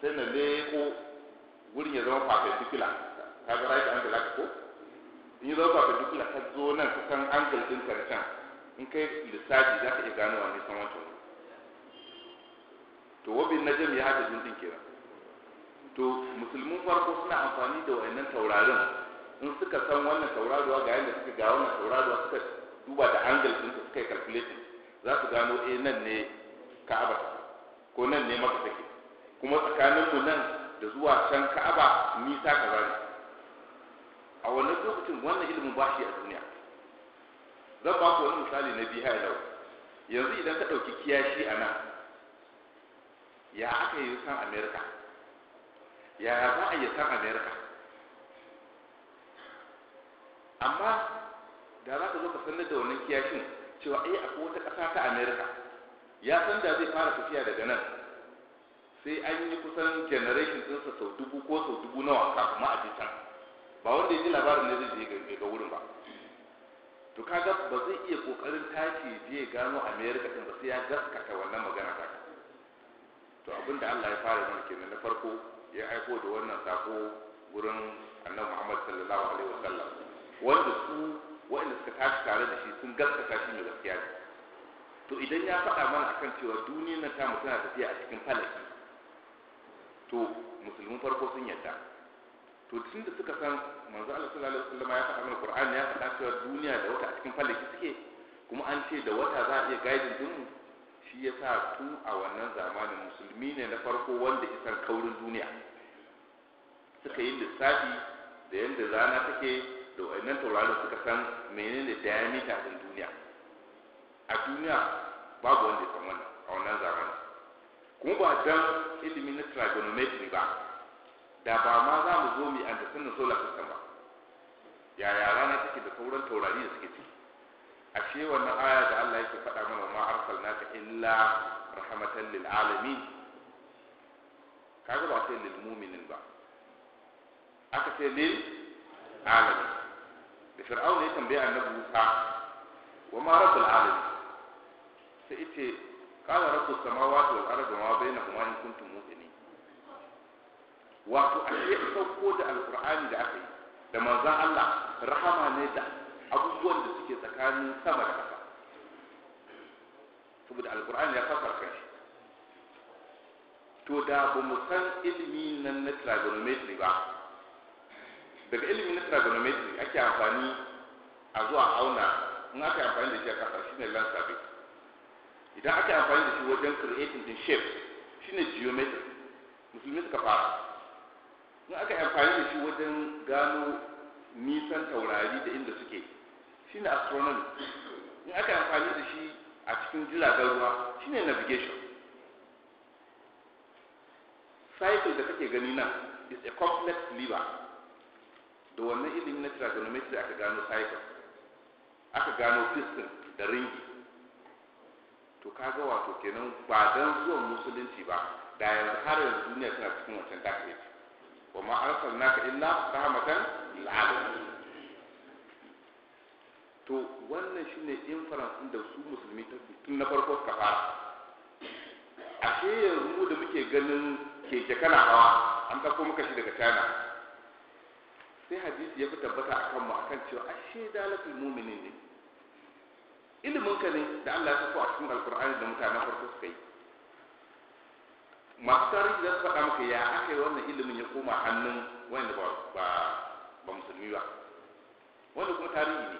Speaker 1: sai na leko wurin ya zama fafe sikila ka ga right angle aka ko in yi zauka ka dukula ka zo nan kusan angle din ka in kai lissafi za ka iya gano wani san wancan to wabin na jami'a haka jin din kira to musulmin farko suna amfani da wayannan taurarin in suka san wannan tauraruwa ga yadda suka ga wannan tauraruwa suka duba da angle din su suka yi calculating za su gano eh nan ne ka'aba ko nan ne maka take kuma tsakaninmu nan da zuwa can ka'aba nisa ka ne a wannan lokacin wannan ilimin ba shi a duniya zan ba ku wani misali na biya yau yanzu idan ka ɗauki kiyashi a nan ya aka yi san amerika yaya za a yi san amerika amma da za ka zo ka sanar da wannan kiyashin cewa ai eh, akwai wata ƙasa ta amerika ya san da zai fara tafiya daga nan sai an yi kusan generation ɗinsa sau dubu ko sau dubu nawa kafin ma a can ba wanda ya ji labarin ne zai je ga wurin ba to kaga ba zai iya kokarin tashi je gano america din ba sai ya gaskata wannan magana ta to abinda Allah ya fara mana kenan na farko ya aiko da wannan sako gurin annabi Muhammad sallallahu alaihi wasallam wanda su wanda suka tashi tare da shi sun gaskata shi ne gaskiya ne to idan ya faɗa mana akan cewa duniyar ta mu tafiya a cikin falaki to musulmin farko sun yarda to tun da suka san manzo Allah sallallahu alaihi wasallam ya faɗa mana Qur'ani ya faɗa cewa duniya da wata a cikin falaki suke kuma an ce da wata za a iya gaidin din mu shi yasa tun a wannan zamanin musulmi ne na farko wanda isar kaurin duniya suka yi lissafi da yadda rana take da wayannan tauraron suka san menene diameter din duniya a duniya babu wanda ya san wannan a wannan zamanin
Speaker 2: kuma ba dan
Speaker 1: ilimin na trigonometry ba da ba ma za mu zo mu yi understanding solar system ba yaya rana take da sauran taurari da suke ci? ashe wannan aya da Allah yake faɗa mana ma arsalnaka illa rahmatan lil alamin kaga ba sai lil mu'minin ba aka ce lil alamin da fir'auna ya tambaya annabi Musa wa ma rabbul alamin sai yace qala rabbus samawati wal ardi wa ma bainahuma in kuntum wato a ce sauko da alkur'ani da aka yi da manzan Allah rahama ne da abubuwan da suke tsakanin sama da ƙasa saboda alkur'ani ya fasar kai to da ba mu san ilimi nan na trigonometry ba daga ilimi na trigonometry ake amfani a zuwa auna in aka amfani da shi a ƙasa shine land survey idan aka amfani da shi wajen creating din shape shine geometry musulmi suka fara in aka yi amfani da shi wajen gano nisan taurari da inda suke shine astronomy in aka yi amfani da shi a cikin jiragen ruwa shine navigation cycle da kake gani nan is a complex lever da wannan ilimin na trigonometry aka gano cycle aka gano piston da ringi to kaga wato kenan ba dan zuwan musulunci ba da yanzu har yanzu duniya tana cikin wancan dakirai wa ma arsalnaka illa rahmatan lil to wannan shine inference din da su musulmi tun na farko suka fara ashe yanzu da muke ganin keke kana hawa an ɗauko muka shi daga China sai hadisi ya fi tabbata a kanmu a kan cewa ashe dalatul muminin ne ilimin ka ne da Allah ya so a cikin alkur'ani da mutanen farko suka yi masu tarihi za su faɗa maka ya aka yi wannan ilimin ya koma hannun wanda ba ba musulmi ba wanda kuma tarihi ne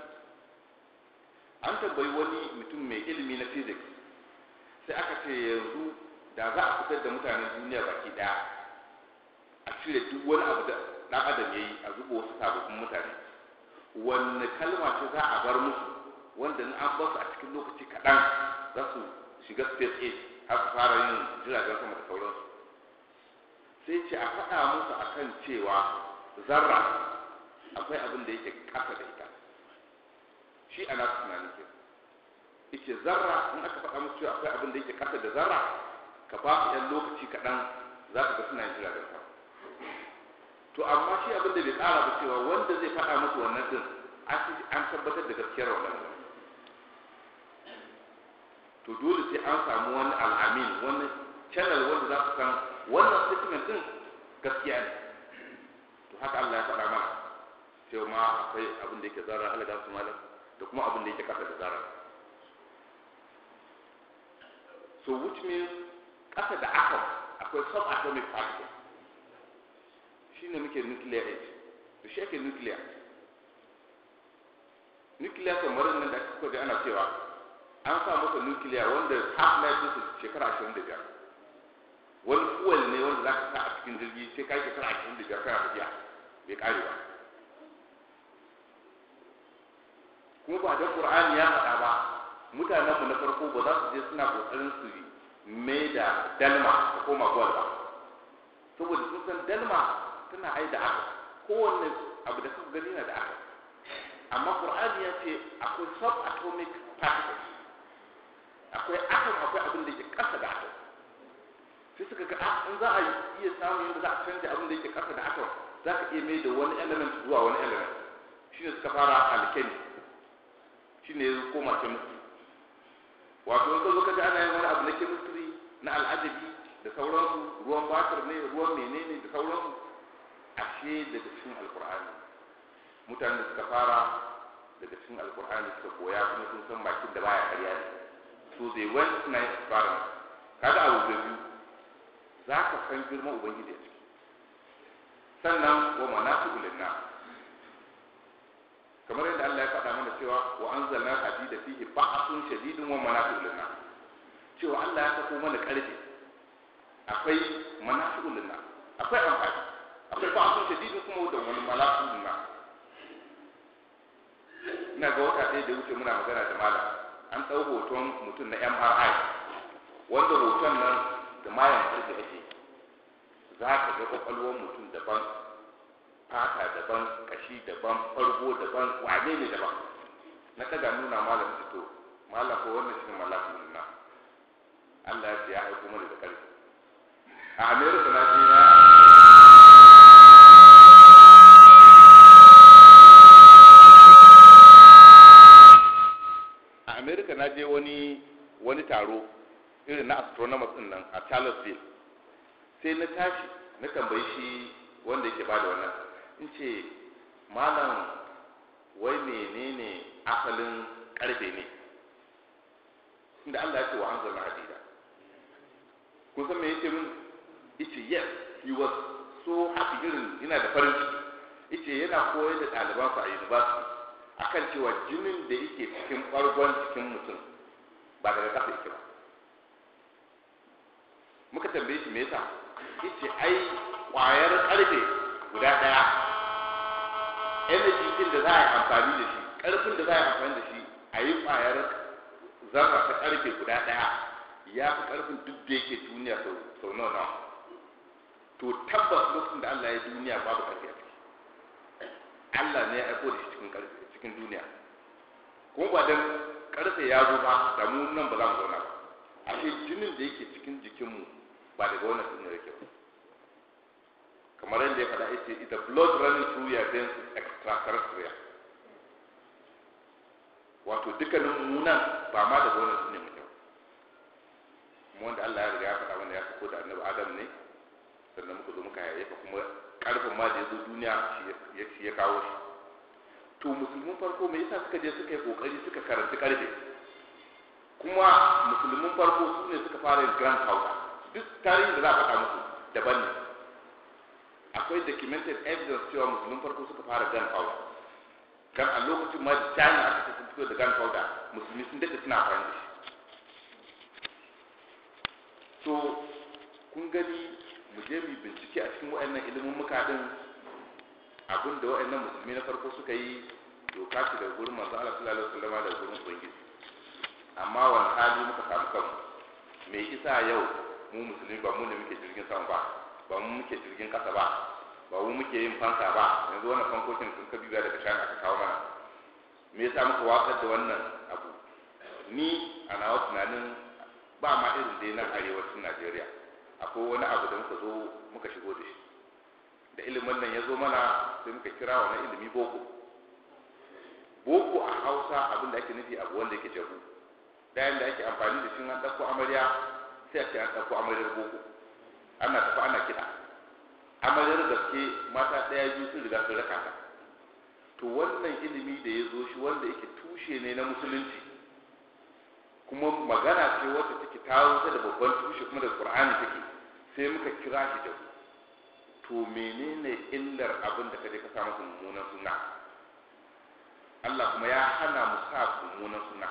Speaker 1: an tambayi wani mutum mai ilimi na physics sai aka ce yanzu da za a fitar da mutanen duniya baki daya a cire duk wani abu da ɗan adam yayi a zuba wasu sababbin mutane wanne kalma ce za a bar musu wanda na an basu a cikin lokaci kaɗan za su shiga space age aka fara yin jiragen sama da sauransu sai ce a faɗa musu a kan cewa zarra akwai abin da yake ƙasa da ita shi ana tunanin ke ita zarra in aka faɗa musu cewa akwai abin da yake ƙasa da zarra ka ba su ɗan lokaci kaɗan za ka ga suna yin jiragen sama to amma shi abin da bai ƙara ba cewa wanda zai faɗa musu wannan din an tabbatar da gaskiyar wannan to dole sai an samu wani al'amin wani channel wanda za ku san wannan statement din gaskiya ne to haka Allah ya faɗa mana sai ma akwai abin da yake zara Allah su malam da kuma abin da yake kasa da zara so which means kasa da aka akwai atomic particle shine muke nuclear age to shi ake nuclear nuclear kamar nan da kuka ji ana cewa an sa masa nukiliya wanda half life ɗinsa shekara ashirin da biyar wani fuel ne wanda za ka sa a cikin jirgi sai ka shekara ashirin da biyar kana tafiya bai ƙare ba kuma ba da qur'ani ya faɗa ba mutanenmu na farko ba za su je suna ƙoƙarin su mai da dalma ta koma gwal ba saboda sun san dalma tana ai da aka kowanne abu da kuka gani na da aka amma qur'ani ya ce akwai subatomic particles akwai akan akwai abin da ke kasa da akan sai suka ga ah, in za a iya samun yadda za a canja abin da ke kasa da akan za ka iya mai da wani element zuwa wani element shi ne suka fara alkeni shi ne ya koma chemistry wato in ka zo ka ji ana yin wani abu na chemistry na al'ajabi da sauransu ruwan batir ne ruwan menene da sauransu ashe daga cikin alkur'ani mutane da suka fara daga cikin alkur'ani suka koya kuma sun san bakin da baya karya ne so they went suna yin experiment kada abu da biyu za ka san girman ubangiji a ciki sannan wa manatu ulinna kamar yadda Allah ya faɗa mana cewa wa anzalna hadida fihi ba'sun shadidun wa manatu ulinna cewa Allah ya sako mana karfe akwai manatu ulinna akwai amfani akwai ba'sun shadidun kuma da wani malatu ulinna ina ga wata ɗaya da wuce muna magana da malam an ɗau hoton mutum na mri wanda hoton nan da mayan ƙarfi ake za ka ga ƙwaƙwalwar mutum daban fata daban ƙashi daban fargo daban wane ne daban na ɗaga nuna malam fito malam ko wannan shi ne malafin nuna Allah ya ce ya haifu mana da ƙarfi a Amerika na je na america na je wani wani taro irin na astronomers din nan a charlottesville sai na tashi na tambayi shi wanda yake bada wannan in ce malam wai menene asalin karfe ne inda Allah ya ce wa anzalna hadida kun san me yake min ice yes he was so happy irin yana da farin ciki ice yana koyar da ɗalibansa a university akan cewa jinin da yake cikin ɓargon cikin mutum ba daga ƙasa yake ba muka tambaye shi me yasa yace ai ƙwayar ƙarfe guda ɗaya energy din da za a yi amfani da shi ƙarfin da za a yi amfani da shi a yi ƙwayar zarra ta ƙarfe guda ɗaya ya fi ƙarfin duk da yake duniya sau nawa nawa to tabbas lokacin da Allah ya duniya babu ƙarfe a ciki Allah ne ya aiko da shi cikin ƙarfe cikin duniya kuma ba dan karfe ya zo ba da mu nan ba za mu zauna a ashe jinin da yake cikin jikinmu ba daga wannan sun yake ba kamar yadda ya faɗa yace ita blood running through your veins is extraterrestrial wato dukkanin munan ba ma daga wannan duniya muke mu wanda Allah ya riga ya faɗa wanda ya fi da annabi Adam ne sannan muka zo muka yayyafa kuma karfin ma da ya zo duniya shi ya kawo shi to musulmin farko mai yasa suka je suka yi kokari suka karanci karfe kuma musulmin farko su ne suka fara yin grand house duk tarihin da za a faɗa musu daban ne akwai documented evidence cewa musulmin farko suka fara grand house kan a lokacin ma china aka ce sun fito da grand house musulmi sun daɗe suna fara da shi to kun gani mu je mu bincike a cikin waɗannan ilimin muka din abin da waɗannan musulmi na farko suka yi doka su da gurin manzo Allah sallallahu alaihi wasallam da gurin ubangiji amma wani hali muka samu kanmu me isa yau mu musulmi ba mu ne muke jirgin sama ba ba mu muke jirgin kasa ba ba mu muke yin fanka ba yanzu wannan fankokin sun kabi daga can aka kawo mana me yasa muka watsar da wannan abu ni a nawa tunanin ba ma irin dai nan arewacin Najeriya akwai wani abu da muka zo muka shigo da shi da ilimin nan ya zo mana sai muka kira wa ilimi boko boko a hausa abin da ake nufi abu wanda yake jabu dayan da ake amfani da shi an ɗauko amarya sai ake an amaryar boko ana tafi ana kiɗa amaryar gaske mata ɗaya biyu sun riga sun raka ta to wannan ilimi da ya zo shi wanda yake tushe ne na musulunci kuma magana ce wata take taro ta da babban tushe kuma da qur'ani take sai muka kira shi jabu to menene illar abin da kaje ka sa masa mummunan suna Allah kuma ya hana mu sa mummunan suna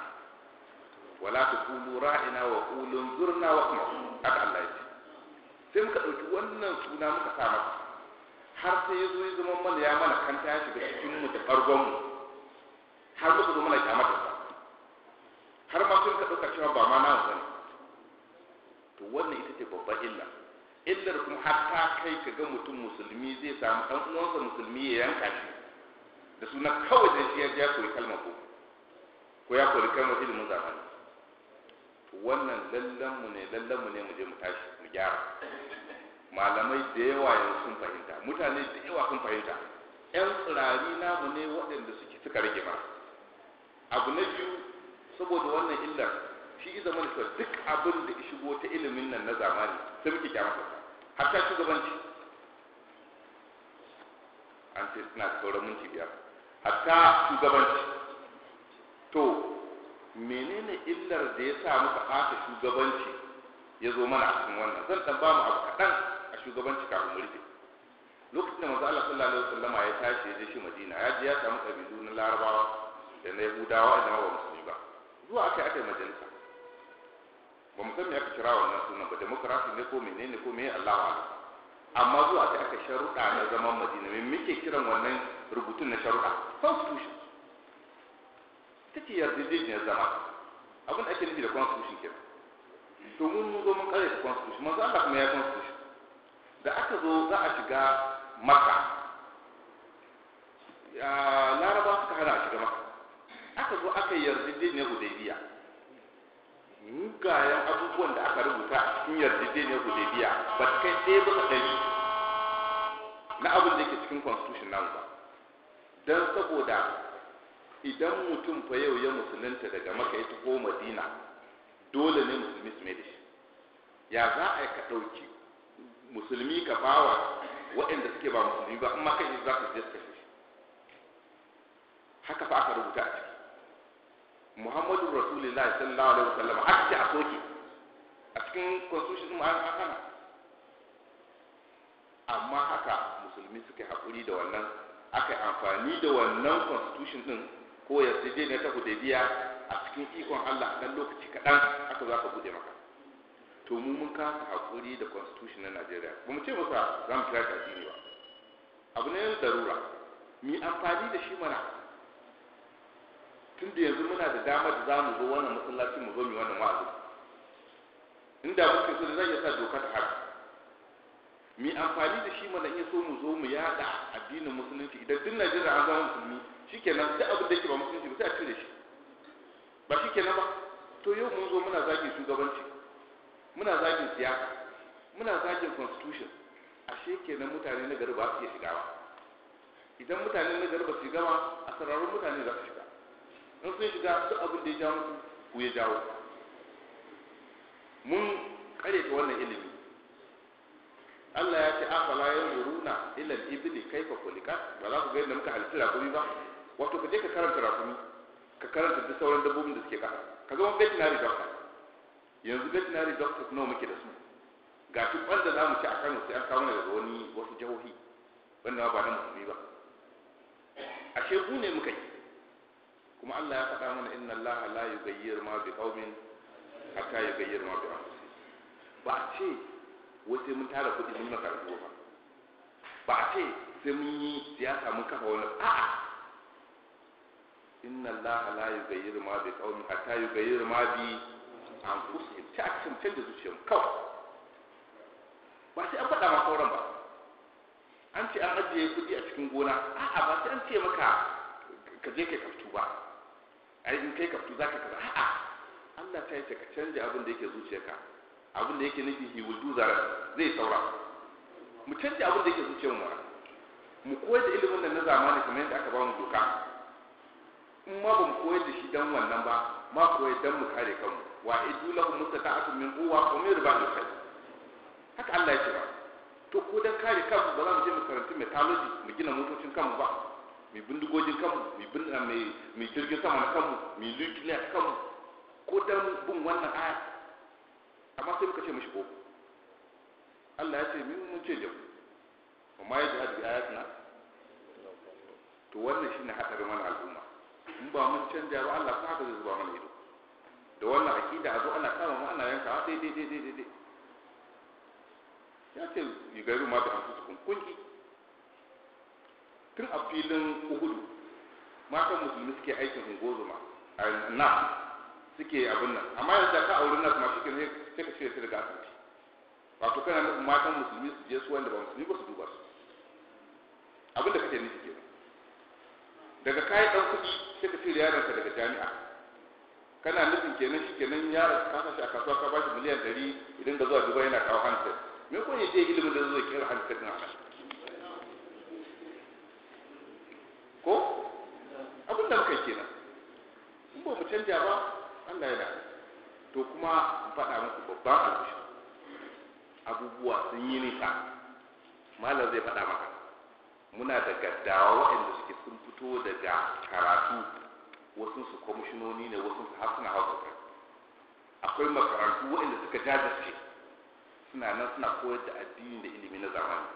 Speaker 1: wala taqulu ra'ina wa qulun zurna wa qulu haka Allah ya sai muka dauki wannan suna muka sa masa har sai ya zo ya zama mana ya mana kanta ya shiga cikin mu da argon mu har muka zo mana kyamata sa har ma sun ka dauka cewa ba ma na wani to wannan ita ce babban illa illar kuma har ta kai ka ga mutum musulmi zai samu ɗan uwansa musulmi ya yanka shi da suna kawai da shi ya ja koyi kalma ko ko ya koyi kalma ilimin zamani wannan lallan mu ne lallan mu ne mu je mu tashi mu gyara malamai da yawa yanzu sun fahimta mutane da yawa sun fahimta yan tsirari namu ne waɗanda suke suka rage mana abu na biyu saboda wannan illar shi iza manufar duk abin da ya shigo ta ilimin nan na zamani sai muke kyamata hatta shugabanci an ce suna sauran minti biyar hatta shugabanci to menene illar da ya sa muka ɓata shugabanci ya zo mana a cikin wannan zan ɗan ba mu abu kaɗan a shugabanci kafin mu rufe lokacin da manzo Allah sallallahu alaihi wasallam ya tashi ya je shi Madina ya je ya samu kabilu na Larabawa da na Yahudawa da na ba musulmi ba zuwa aka yi aka majalisa ba mu san me aka kira wannan sunan ba demokrasi ne ko menene ko me Allah wa amma zuwa da aka sharuɗa na zaman Madina me muke kiran wannan rubutun na sharuɗa constitution ita ce ne zama abin da ake nufi da constitution ke to mun mun zo mun kare da constitution manzo Allah kuma ya constitution da aka zo za a shiga maka ya Laraba suka hana a shiga maka aka zo aka yarda yarjejeniyar Hudaybiya mugayen abubuwan da aka rubuta a cikin yarjejeniyar biya ba ta kai ɗaya ka ɗari na abin da ke cikin constitution namu ba don saboda idan mutum fa yau ya musulunta daga maka ya taho madina dole ne musulmi su mai da shi ya za a yi ka ɗauki musulmi ka bawa waɗanda suke ba musulmi ba amma kai za ka je su haka fa aka rubuta a ciki muhammadu rasulullahi sallallahu alaihi wasallam har ce a soke a cikin constitution mu an hana amma haka musulmi suka hakuri da wannan aka yi amfani da wannan constitution din ko ne ta hudaybiya a cikin ikon Allah dan lokaci kaɗan aka za ka bude maka to mu mun ka hakuri da constitution na Najeriya ba mu ce ba za mu kira ta ba abu ne na darura mi amfani da shi mana Tun da yanzu muna da damar da za mu zo wannan masallacin mu zo mu wannan wa'azi inda muke so da zai sa dokar haka mi amfani da shi mana iya so mu zo mu yada addinin musulunci idan duk Najeriya an zama musulmi shikenan duk abin da yake ba musulunci ba sai a cire shi ba shikenan ba to yau mun zo muna zagin shugabanci muna zagin siyasa muna zagin constitution ashe kenan mutane na gari ba su iya shiga ba idan mutane na gari ba su shiga ba a sararin mutane za su shiga in sun shiga duk abin da ya jawo su ku ya jawo mun kare ta wannan ilimi Allah ya ce afala yanzuruna ila al-ibli kaifa kulika ba za ku ga yadda muka halitta rakumi ba wato ka je ka karanta rakumi ka karanta duk sauran dabbobin da suke ka ka zama veterinary doctor yanzu veterinary doctors nawa muke da su ga duk wanda za mu ci a Kano sai an kawo ne daga wani wasu jihohi wanda ba na musulmi ba ashe ku ne muka yi kuma Allah ya faɗa mana inna Allah la yugayyir ma bi qaumin hatta yugayyir ma bi anfusihim ba a ce wace mun tara kuɗi mun maka ba ba a ce sai mun yi siyasa mun kafa wani a'a inna Allah la yugayyir ma bi qaumin hatta yugayyir ma bi anfusihim ta cikin tunda zuciyar kawai ba sai an faɗa ma sauran ba an ce an ajiye kuɗi a cikin gona a'a ba sai an ce maka ka je kai kaftu ba ai in kai kaftu zaka kaza a'a Allah ta yace ka canja abin da yake zuciyarka abin da yake nufi he will do that zai saura mu canja abin da yake zuciyar mu mu koyar da ilimin nan na zamani kamar yadda aka ba mu doka in ma ba mu koyar da shi dan wannan ba ma koyar dan mu kare kanmu wa idu lahum mustata'atun min quwwa wa min ribatil khayr haka Allah ya ce ba to ko dan kare kanmu ba za mu je mu karanta metallurgy mu gina motocin kanmu ba mai bindigogin kanmu ah, mai jirgin sama na kanmu mai nukiliya kanmu ko dan bin wannan aya amma sai muka ce mashi ko. Allah ya ce min mun ce jabu amma ya jihar bi ayatuna to wannan shine hadarin mana al'umma in ba mun canja ba Allah ta haka zai zuba mana ido da wannan akida a zo ana kama ma ana yanka daidai daidai daidai ya ce yi gairu ma da an kun kunki tun a filin uhudu matan musulmi suke aikin hungozuma a na suke abin nan amma yanzu da ka auri nasu masu shi ne sai ka cire su daga asibiti wato kana nufin matan musulmi su je su wanda ba musulmi ba su duba su abin da kake nufi kenan daga kayi dan kuɗi sai ka cire yaron ka daga jami'a kana nufin kenan shi kenan yaron ka shi a kasuwa ka ba shi miliyan ɗari idan ga zuwa dubai yana kawo hanset me ko ya je ilimin da zai kira hanset na hanset wannan kai kenan in ba mu canja ba Allah yana to kuma faɗa muku babban alƙushi abubuwa sun yi nisa malam zai faɗa maka muna da gaddawa waɗanda suke sun fito daga karatu wasu su kwamishinoni ne wasu su har suna hausa akwai makarantu waɗanda suka jajirce suna nan suna koyar da addini da ilimi na zamani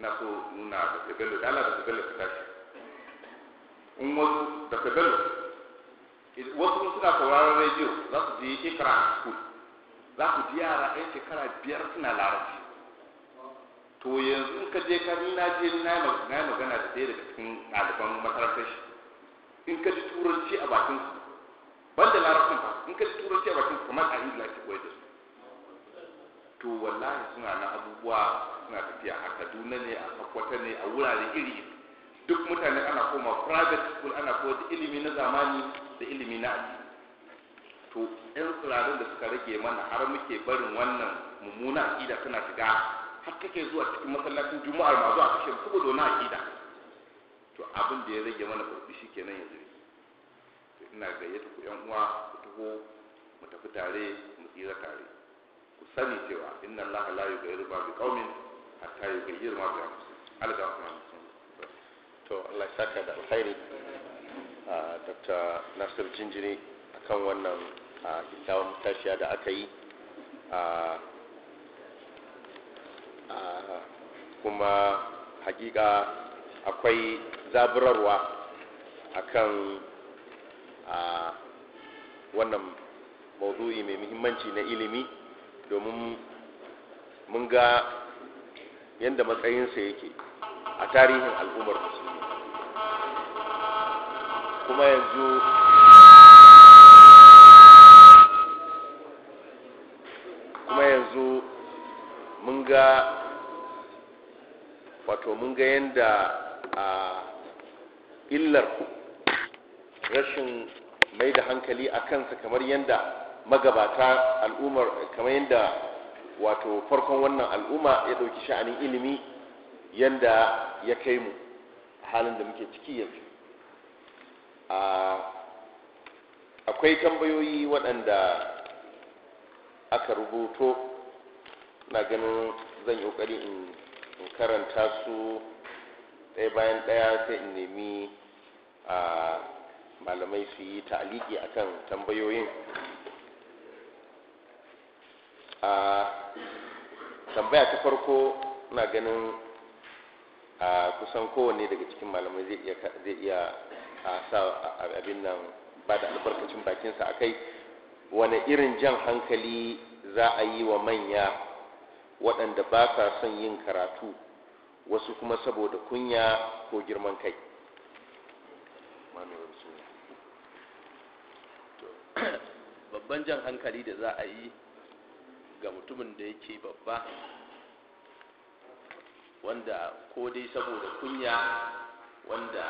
Speaker 1: ina so nuna da tsibirin da ala da bello ta tashi in wasu daga bello wasu suna sauraron rediyo za su je ikra school za ku ji yara yan shekara biyar suna larabci to yanzu in ka je ka ni na je na yi magana da ɗaya daga cikin ɗaliban makarantar shi in ka ji turanci a bakin su banda larabcin ba in ka ji turanci a bakin su kamar a ingila ke koyar da su to wallahi suna na abubuwa suna tafiya a kaduna ne a sakwata ne a wurare iri duk mutane ana koma private school ana koma da ilimi na zamani da ilimi na addini to yan tsirarin da suka rage mana har muke barin wannan mummuna aƙida tana shiga har kake zuwa cikin masallacin juma'ar ma zuwa kashe saboda wani aƙida to abin da ya rage mana kurbi shi kenan yanzu to ina gayyata ku yan uwa ku taho mu tafi tare mu tsira tare ku sani cewa inna allaha la yughayyiru ma biqaumin hatta yughayyiru ma bi anfusihim alga to Allah ya saka da alkhairi dr nasir jinjiri akan wannan kyakkyawan tashiya da aka yi kuma hakika akwai zaburarwa akan wannan maudu'i mai muhimmanci na ilimi domin mun ga yadda matsayinsa yake a tarihin al'ummar musulmi kuma yanzu kuma yanzu mun ga wato mun ga yadda a illar rashin mai da hankali a kansa kamar yadda magabata al'ummar kamar yadda wato farkon wannan al'umma ya ɗauki sha'anin ilimi yanda ya kai mu halin da muke ciki yanzu akwai tambayoyi waɗanda aka rubuto na ganin zan yi ƙoƙari in karanta su ɗaya bayan ɗaya sai in nemi malamai su yi ta'aliki akan tambayoyin tambaya ta farko na ganin a kusan kowanne daga cikin malamai zai iya zai iya sa abin nan ba da albarkacin bakinsa a kai wane irin jan hankali za a yi wa manya waɗanda ba sa son yin karatu wasu kuma saboda kunya ko girman kai [CLEARS THROAT] babban jan hankali da za a yi ga mutumin da yake babba wanda ko dai saboda kunya wanda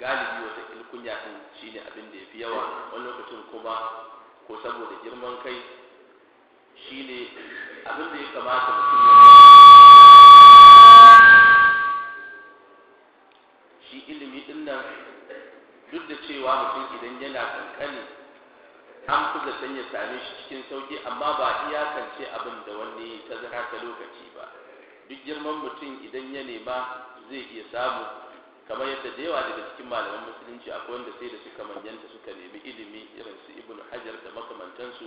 Speaker 1: galibi wata kunya din shine abin da yafi yawa wani lokacin kuma ko saboda girman kai shine abin da ya kamata mutum ya shi ilimi din nan duk da cewa mutum idan yana kankani an fi zaton ya same shi cikin sauki amma ba iyakance abin da wani ta ta lokaci ba duk girman mutum idan ya nema zai iya samu kamar yadda da yawa daga cikin malaman musulunci akwai wanda sai da suka manyanta suka nemi ilimi irin su ibnu hajar da makamantansu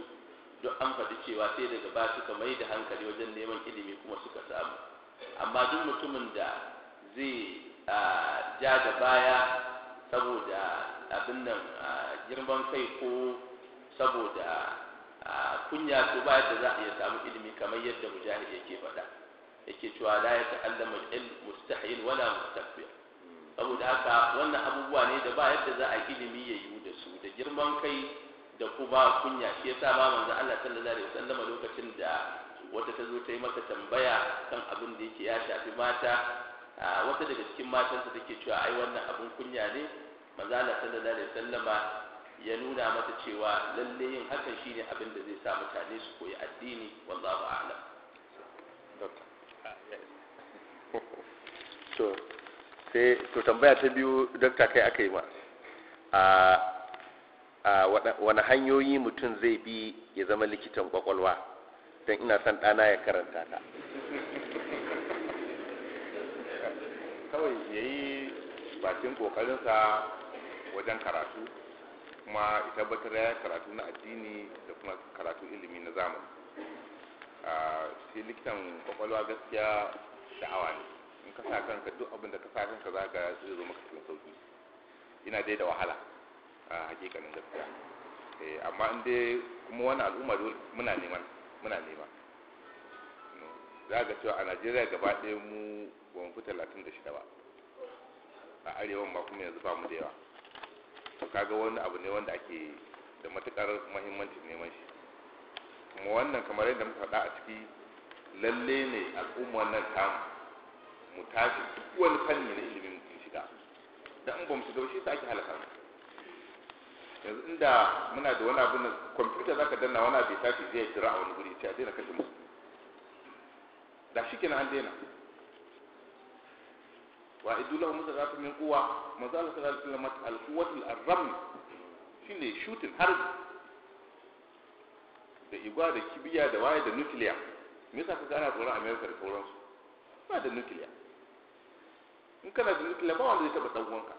Speaker 1: duk an faɗi cewa sai daga ba suka mai da hankali wajen neman ilimi kuma suka samu amma duk mutumin da zai ja da baya saboda abin nan girman kai ko saboda kunya to ba yadda za a iya samu ilimi kamar yadda mujahid yake faɗa yake cewa la ya ta'allama ilm mustahil wala mustakbir saboda haka wannan abubuwa ne da ba yadda za a ilimi ya yiwu da su da girman kai da kuma kunya shi yasa ba manzo Allah sallallahu alaihi wasallam lokacin da wata ta zo ta yi masa tambaya kan abin da yake ya shafi mata wata daga cikin matansa take cewa ai wannan abin kunya ne manzo Allah sallallahu alaihi wasallama ya nuna mata cewa lalle yin hakan shine abin da zai sa mutane su koyi addini wallahu a'lam to sai to tambaya ta biyu dokta kai aka yi ma a wani hanyoyi mutum zai bi ya zama likitan kwakwalwa don ina son ɗana ya karanta ta kawai ya yi bakin ƙoƙarinsa wajen karatu kuma ya tabbatar ya karatu na addini da kuma karatu ilimi na zamani shi likitan kwakwalwa gaskiya sha'awa ne in ka sa kanka duk abin da ka sa kanka za ka zai zo maka cikin sauki ina dai da wahala a hakikanin gaskiya eh, amma in dai kuma wani al'umma muna neman muna nema za ka cewa a najeriya gaba ɗaya mu ba mu fi talatin da shida ba a arewa ba kuma yanzu ba mu da yawa to kaga wani abu ne wanda ake da matukar muhimmancin neman shi kuma wannan kamar yadda muka faɗa a ciki lalle ne al'umma nan tamu mu tashi duk wani fanni na ilimin mu shiga da in ba mu shiga shi sa ake halaka yanzu inda muna da wani abin kwamfuta za ka danna wani abu tashi zai jira a wani guri sai a daina kashe musu da shi kenan an daina wa idu lahu musa zata min kuwa maza Allah sallallahu alaihi wasallam al-quwwatu al-ram shine shooting harbi da igwa da kibiya da waya da nukiliya me yasa kaga ana tsoron America da sauransu ba da nukiliya in kana da mutum ba wanda zai taba dan ba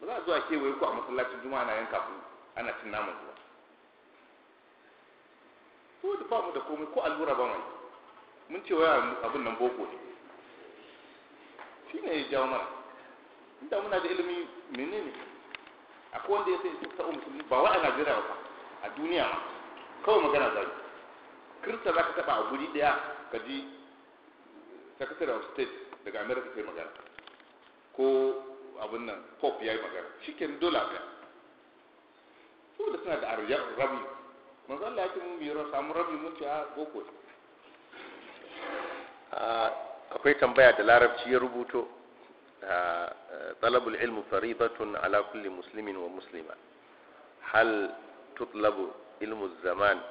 Speaker 1: za a zuwa kewaye ku a masallacin juma'a na yanka ku ana cin naman zuwa. ko da famu da komai ko allura ba mai mun ce waya abin nan boko ne shi ne ya jawo mana inda muna da ilimi menene akwai wanda ya sai ta musulmi ba wa a Najeriya ba a duniya ma kawai magana zai kirista za ka taba a guri daya ka ji secretary of state daga america sai magana ko abin nan pop ya magana cikin dola dole ka da suna da ariyar rabi manzo Allah ya ce mun biyar samu rabi mun ce a boko akwai tambaya da larabci ya rubuto a talabul ilmu faridatun ala kulli muslimin wa muslima hal tutlabu ilmu zaman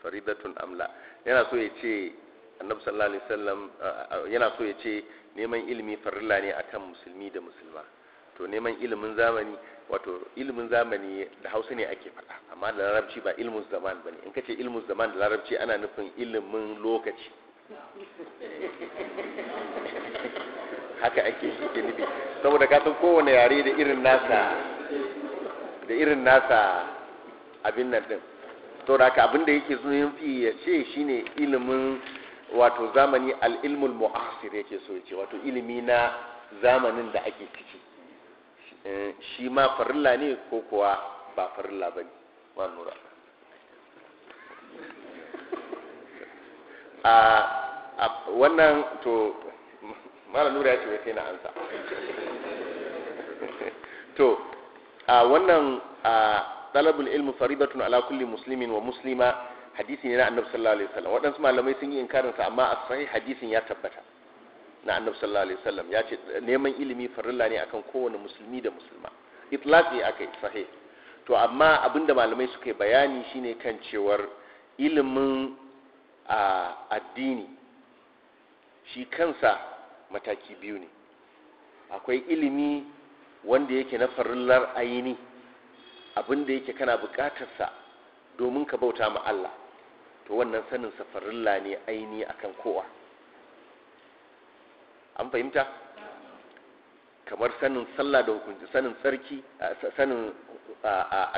Speaker 1: faridatun amla yana so ya ce annabi sallallahu alaihi wasallam yana so ya ce neman ilimi farilla ne akan musulmi da musulma to neman ilimin zamani wato ilimin zamani da hausa ne ake faɗa amma da larabci ba ilimin zaman ba ne in ka ce ilimin zaman da larabci ana nufin ilimin lokaci haka ake ke nufi saboda ka san kowane yare da irin nasa da irin nasa abin nan din saboda da haka abin da yake zuwa yin ya ce shine ilimin wato zamani al'ilmul mu'asir yake so ya ce wato ilimi na zamanin da ake ciki eh, shi ma farilla ne ko kuwa ba farilla ba ne ba nura [LAUGHS] a wannan to mara nura ya ce wata sai na ansa [LAUGHS] to a wannan a talabul ilmu faribatun ala kulli muslimin wa muslima hadisi ne na annabi sallallahu alaihi wasallam waɗansu malamai sun yi inkarin sa amma a hadisin ya tabbata na annabi sallallahu alaihi wasallam ya ce neman ilimi farilla ne akan kowane musulmi da musulma itlaqi akai sahih to amma abinda malamai suka yi bayani shine kan cewar ilimin addini shi kansa mataki biyu ne akwai ilimi wanda yake na farillar aini abinda yake kana bukatarsa domin ka bauta ma Allah to wannan sanin safarilla ne aini akan kowa an fahimta kamar sanin sallah da hukunci sanin tsarki sanin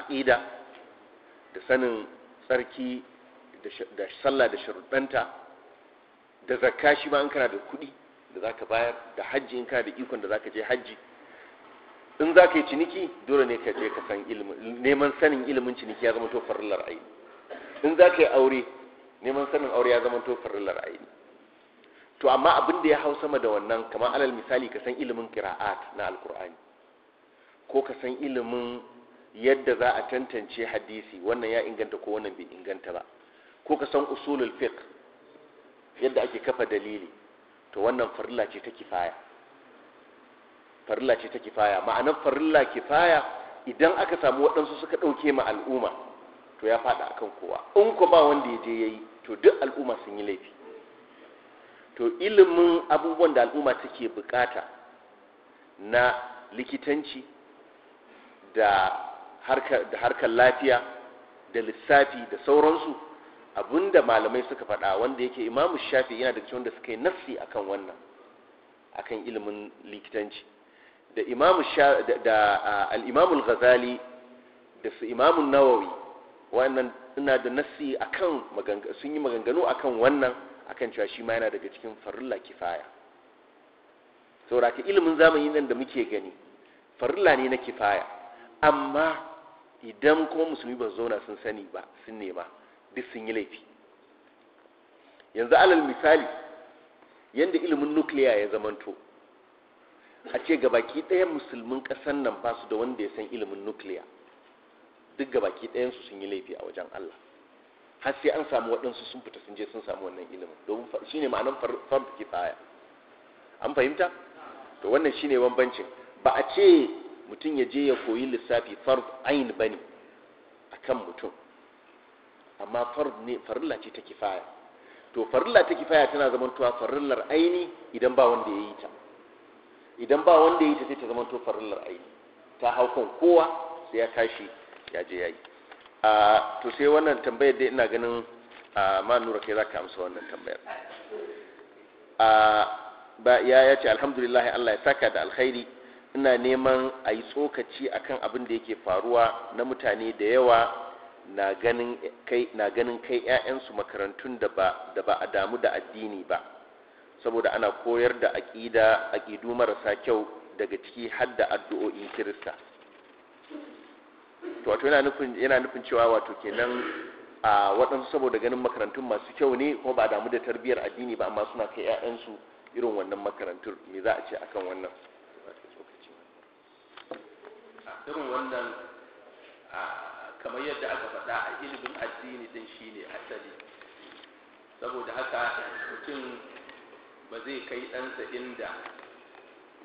Speaker 1: aqida da sanin tsarki da sallah da sharuɗanta da zakka shi ma an kana da kuɗi da zaka bayar da hajji in kana da ikon da zaka je hajji in za ka yi ciniki dole ne ka je ka san neman sanin ilimin ciniki ya zama to farillar aini in za ka yi aure neman sanin aure ya zama to farillar aini to amma abin da ya hau sama da wannan kamar alal misali ka san ilimin kira'at na alkur'ani ko ka san ilimin yadda za a tantance hadisi wannan ya inganta ko wannan bai inganta ba ko ka san usulul fiqh yadda ake kafa dalili to wannan farilla ce ta kifaya farilla ce ta kifaya ma'anar farilla kifaya idan aka samu waɗansu suka ɗauke ma al'umma to ya faɗa akan kowa in ko ba wanda ya je yayi to duk al'umma sun yi laifi to ilimin abubuwan da al'umma take bukata na likitanci da harkar lafiya da lissafi da sauransu abinda malamai suka faɗa wanda yake imamu shafi yana da cikin wanda suka yi nassi akan wannan akan ilimin likitanci da imam da al-imam al-ghazali da su imam an-nawawi wannan ina da nassi akan sun yi maganganu akan wannan akan cewa shi ma yana daga cikin farilla kifaya saboda ka ilimin zamani nan da muke gani farilla ne na kifaya amma idan kuma musulmi ba zauna sun sani ba sun nema duk sun yi laifi yanzu alal misali yanda ilimin nukiliya ya zamanto a ce gabaki ɗaya musulmin ƙasar nan ba su da wanda ya san ilimin nukiliya duk gabaki ɗayansu sun yi laifi a wajen Allah har sai an samu waɗansu sun fita sun je sun samu wannan ilimin domin shi ne ma'anar farm kifaya an fahimta to wannan shi ne bambancin ba a ce mutum ya je ya koyi lissafi farb ayin ba ne a kan mutum amma farb ne farilla ce ta kifaya to farilla ta kifaya tana zamantowa farillar aini idan ba wanda ya yi ta idan ba wanda ya ta sai ta zama to farillar aini ta kan kowa sai ya tashi ya je yayi a to sai wannan tambayar dai ina ganin a ma nura kai zaka amsa wannan tambayar a ba ya ya ce alhamdulillah Allah ya saka da alkhairi ina neman a yi tsokaci akan abin da yake faruwa na mutane da yawa na ganin kai 'ya'yansu makarantun da ba a damu da addini ba saboda ana koyar da aƙida aƙidu marasa kyau daga ciki har da addu'o'in kirista to wato yana nufin cewa wato kenan a waɗansu saboda ganin makarantun masu kyau ne kuma ba damu da tarbiyyar addini ba amma suna kai 'ya'yansu irin wannan makarantun me za a ce akan wannan irin wannan kamar yadda aka faɗa a ilimin addini din shine asali saboda haka mutum ba zai kai ɗansa inda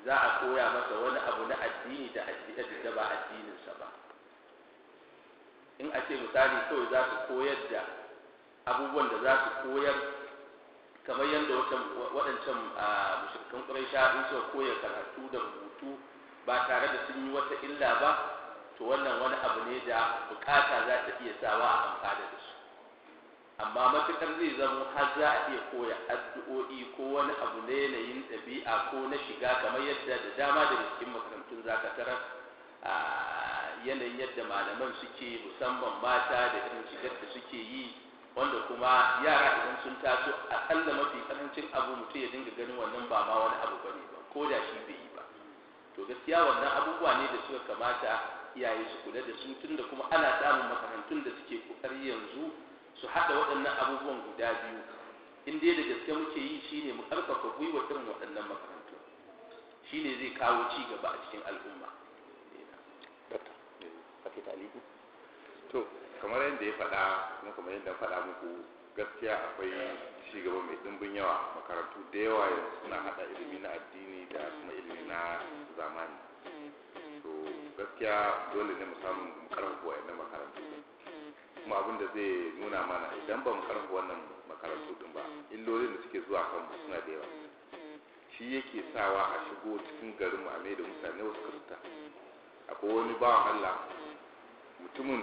Speaker 1: za a koya masa wani abu na addini da da ba addininsa ba in a ce misali kawai za su koyar da abubuwan da za su koyar kamar yadda waɗancan mushrikan ƙuraisha in suka koya karatu da rubutu ba tare da sun yi wata illa ba to wannan wani abu ne da bukata za ta iya sawa a amfana da su amma matukar zai zama har za a iya koya addu'o'i ko wani abu na yanayin ɗabi'a ko na shiga kamar yadda da dama da cikin makarantun za ka tarar a yanayin yadda malaman suke musamman mata da irin shigar da suke yi wanda kuma yara idan sun taso akalla mafi karancin abu mutum ya dinga ganin wannan ba ma wani abu bane ba ko da shi bai yi ba to gaskiya wannan abubuwa ne da suka kamata iyaye su kula da su tunda kuma ana samun makarantun da suke kokari yanzu su haɗa waɗannan abubuwan guda biyu inda dai da gaske muke yi shine mu karfafa gwiwa irin waɗannan makarantu shine zai kawo ci gaba a cikin al'umma
Speaker 2: kamar yadda ya faɗa
Speaker 1: kuma kamar yadda faɗa muku gaskiya akwai ci gaba mai ɗumbin yawa makarantu da yawa suna haɗa ilimi na addini da kuma ilimi na zamani to gaskiya dole ne mu samu mu karfafa makarantu kuma abin da zai nuna mana idan ba mu wannan makarantu din ba mm. illolin da suke zuwa kan mm. suna da yawa mm. shi yake sawa a shigo cikin garin mu a mai da mutane wasu kirista akwai wani bawan Allah mutumin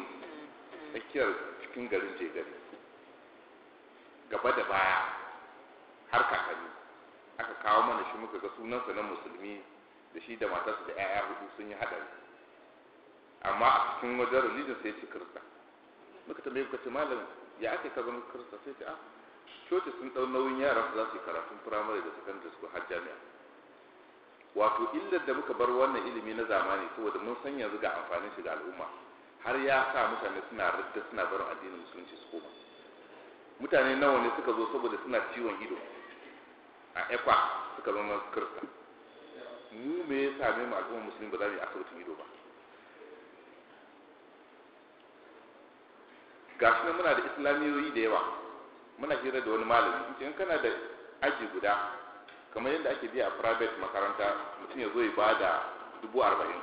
Speaker 1: tsakiyar cikin garin je gari gaba da baya har kakanni aka kawo mana shi muka ga sunansa na musulmi da shi da matarsa da 'ya'ya hudu sun yi haɗari amma a cikin wajen religion sai ce kirista muka tambaye muka ce malam ya ake ka zama karsa sai ce a ah, coci sun ɗau nauyin yara su za su yi karatun firamare da sakandare su har jami'a wato illar da muka bar wannan ilimi na zamani saboda mun san yanzu ga amfanin shi ga al'umma har ya sa mutane suna rikta suna barin addinin musulunci su koma mutane nawa ne suka zo saboda suna ciwon ido a ekwa suka zama kirista mu me ya same mu al'umma musulmi ba za mu yi asibitin ido ba gashi muna da islamiyoyi da yawa muna hira da wani malami in kana da aji guda kamar yadda ake biya a private makaranta mutum ya zo ya ba da dubu arba'in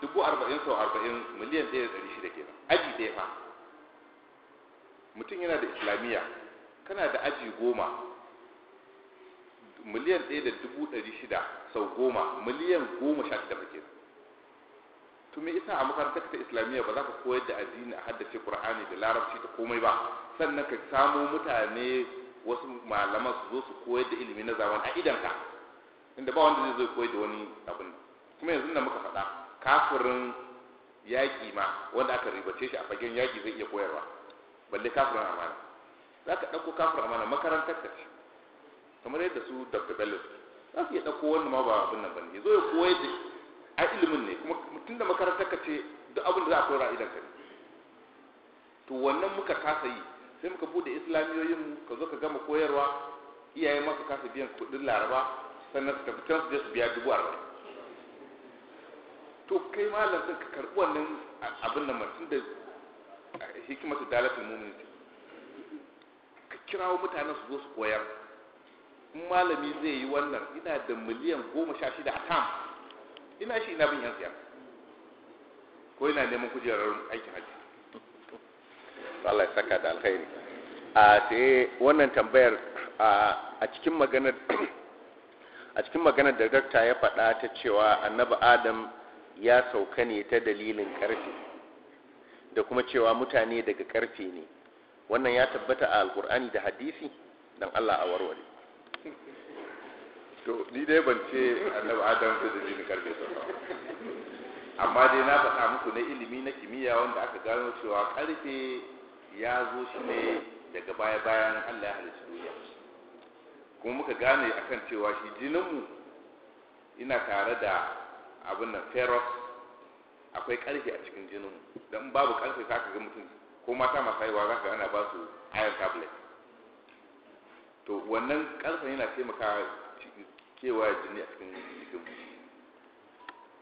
Speaker 1: dubu arba'in sau arba'in miliyan ɗaya da ɗari shida ke aji ɗaya fa mutum yana da islamiyya kana da aji goma miliyan ɗaya da dubu ɗari shida sau goma miliyan goma sha shida fa to me yasa a makarantar ta islamiyya ba za ka koyar da addini a haddace qur'ani da larabci da komai ba sannan ka samo mutane wasu malaman su zo su koyar da ilimi na zaman a idanka inda ba wanda zai zo koyar da wani abin kuma yanzu nan muka faɗa kafirin yaƙi ma wanda aka ribace shi a fagen yaƙi zai iya koyarwa balle kafirin amana za ka ɗauko kafirin amana makarantar ta ce kamar yadda su dr bello za su iya ɗauko wannan ma ba abin nan ba ne zo ya koyar da a ilimin ne kuma da makarantar ka ce duk abin da za a kora idan ka to wannan muka kasa yi sai muka bude islamiyoyin mu ka zo ka gama koyarwa iyaye ma su kasa biyan kuɗin laraba sannan su tafi can su je su biya dubu arba'in to kai malam sun ka karɓi wannan abin nan tun da hikimar su dalatin mumin ka kirawo mutanen su zo su koyar in malami zai yi wannan ina da miliyan goma sha shida a tam ina shi ina bin yan siyasa ko yana neman kujerar aikin hajji Allah ya saka da alkhairi a sai wannan tambayar a cikin maganar a cikin maganar da dokta ya faɗa ta cewa annabi adam ya sauka ne ta dalilin ƙarfi da kuma cewa mutane daga ƙarfi ne wannan ya tabbata a alkur'ani da hadisi don allah a warware to ni dai ban ce annabi adam ta dalilin ƙarfi sauka amma dai na faɗa muku na ilimi na kimiyya wanda aka gano cewa ƙarfe ya zo shi ne daga baya bayan Allah ya halicci duniya kuma muka gane akan cewa shi jininmu ina tare da abin nan ferox akwai ƙarfe a cikin jininmu don babu ƙarfe za ka ga mutum ko mata masu haihuwa za ka ana ba su iron tablet to wannan ƙarfen yana taimaka cewa jini a cikin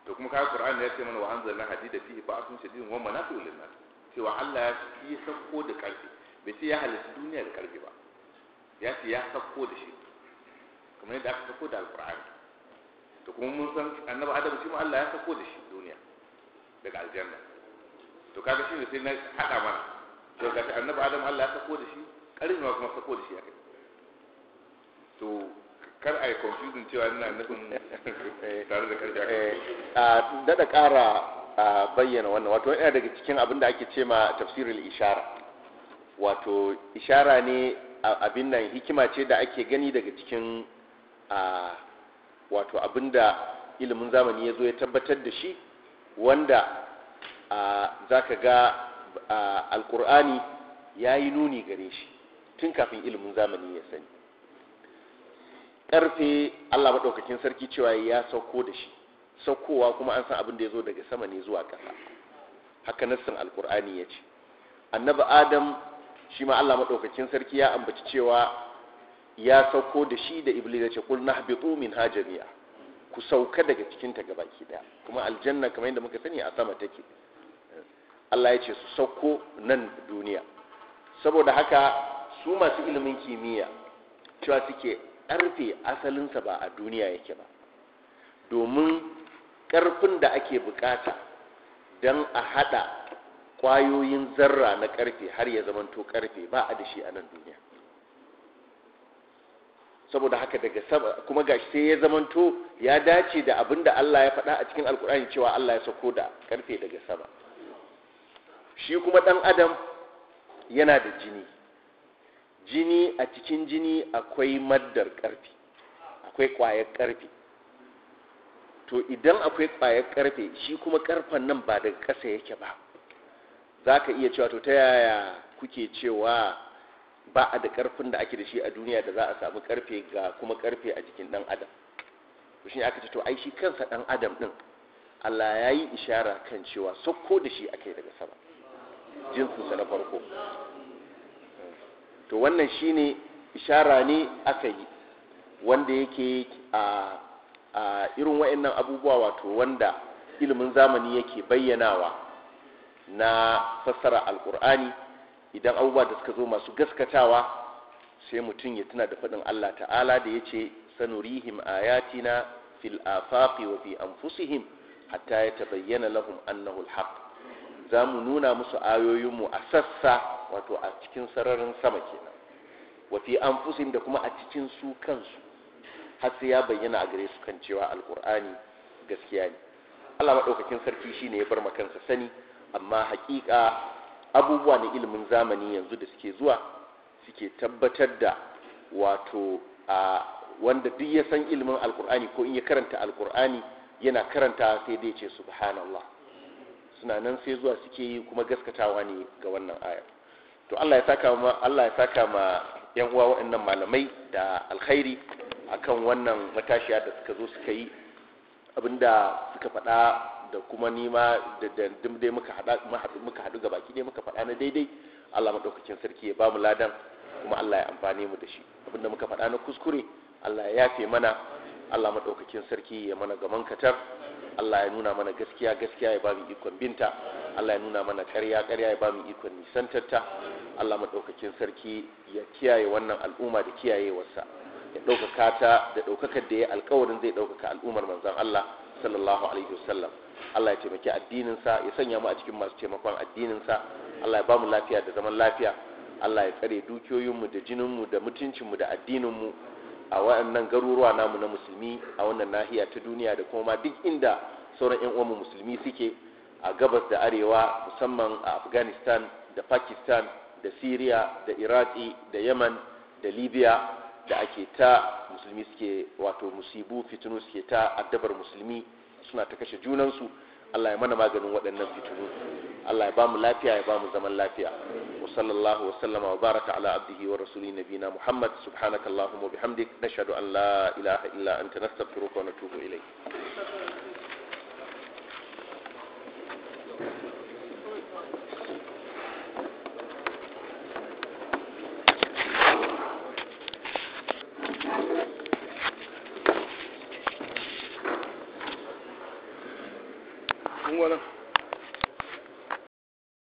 Speaker 1: to kuma kaga Qur'ani ya ce mana wa anzalna hadida fihi ba'sun shadidun wa manafi'u lin-nas cewa Allah ya yi sako da karfi bai ce ya halitta duniya da karfi ba ya ce ya sako da shi kamar yadda aka sako da alqur'ani to kuma mun san annabi adam shi ma Allah ya sako da shi duniya daga aljanna to kaga shi ne sai na hada mana to ga annabi adam Allah ya sako da shi karin ma kuma sako da shi akai to kar a yi confusing cewa ina nufin tare da karfi a eh, daɗa ƙara bayyana wannan wato yana daga cikin abin da ake ce ma tafsirin ishara wato ishara ne abin nan hikima ce da ake gani daga cikin wato abin da ilimin zamani ya zo ya tabbatar da shi wanda za ka ga alkur'ani ya yi nuni gare shi tun kafin ilimin zamani ya sani karfe Allah maɗaukakin sarki cewa ya sauko da shi saukowa kuma an san abin da ya zo daga sama ne zuwa ƙasa haka nassin alkur'ani ya ce annabi adam shi ma Allah maɗaukakin sarki ya ambaci cewa ya sauko da shi da iblis ya ce kul nahbitu min jami'a ku sauka daga cikinta ta gabaki daya kuma aljanna kamar yadda muka sani a sama take Allah ya ce su sauko nan duniya saboda haka su masu ilimin kimiyya cewa suke karfe asalinsa ba a duniya yake ba domin ƙarfin da ake bukata don a haɗa ƙwayoyin zarra na karfe har ya zamanto karfe ba a da shi a nan duniya saboda haka daga saba kuma gashi sai ya zamanto ya dace da abin da Allah ya faɗa a cikin alkur'ani cewa Allah ya sako da karfe daga saba shi kuma dan adam yana da jini jini a cikin jini akwai maddar karfi akwai kwayar ƙarfi to idan akwai ƙwayar karfe shi kuma karfen nan ba daga ƙasa yake ba za ka iya cewa to ta yaya kuke cewa ba a da karfin da ake da shi a duniya da za a samu karfe ga kuma karfe a jikin dan adam to shi aka ce to ai shi kansa ɗan adam ɗin Allah ya yi ishara kan cewa sakko da shi kai daga sama jinsinsa na farko to wannan shine ishara ne aka yi wanda yake a irin wa'annan abubuwa wato wanda ilimin zamani yake bayyanawa na fassara alkur'ani idan abubuwa da suka zo masu gaskatawa sai mutum ya tuna da faɗin Allah ta'ala da ya ce sanurihim ayatina fil afaqi wa fi anfusihim hatta ya tabayyana lahum annahu alhaq za mu nuna musu ayoyinmu a sassa wato a cikin sararin sama kenan wafi an fusin da kuma a cikin su kansu har sai ya bayyana a gare su kan cewa alkur'ani gaskiya ne Allah maɗaukakin sarki shi ne ya bar makansa sani amma haƙiƙa abubuwa na ilimin zamani yanzu da suke zuwa suke tabbatar da wato a wanda duk ya san ilimin alkur'ani ko in ya karanta alkur'ani yana karanta sai dai ce subhanallah suna nan sai zuwa suke yi kuma gaskatawa ne ga wannan ayar to Allah ya saka ma Allah ya saka ma yan uwa wa'annan malamai da alkhairi akan wannan matashiya da suka zo suka yi abinda suka faɗa da kuma nima da dandim dai muka muka haɗu ga baki dai muka faɗa na daidai Allah madaukakin sarki ya ba mu ladan kuma Allah ya amfane mu da shi abinda muka faɗa na kuskure Allah ya yafe mana Allah madaukakin sarki ya mana gaman katar Allah ya nuna mana gaskiya gaskiya ya bamu ikon binta Allah ya nuna mana ƙarya ƙarya ya bamu ikon nisantarta Allah maɗaukakin sarki ya kiyaye wannan al'umma da kiyayewarsa ya ɗaukaka ta da ɗaukakar da ya alkawarin zai ɗaukaka al'ummar manzon Allah sallallahu alaihi wasallam Allah ya taimaki addinin sa ya sanya mu a cikin masu taimakon addinin sa Allah ya bamu lafiya da zaman lafiya Allah ya tsare dukiyoyinmu da jininmu da mutuncinmu da addinin mu. a waɗannan garuruwa namu na musulmi a wannan nahiya ta duniya da kuma duk inda sauran 'yan uwanmu musulmi suke a gabas da arewa musamman a afghanistan da pakistan da syria da iraki da yaman da libya da ake ta musulmi suke wato musibu fitinu suke ta addabar musulmi suna ta kashe junansu allah ya mana maganin waɗannan fitinu allah ya ba mu lafiya ya ba mu zaman lafiya وصلى الله وسلم وبارك على عبده ورسوله نبينا محمد سبحانك اللهم وبحمدك نشهد أن لا إله إلا أنت نستغفرك ونتوب
Speaker 2: إليك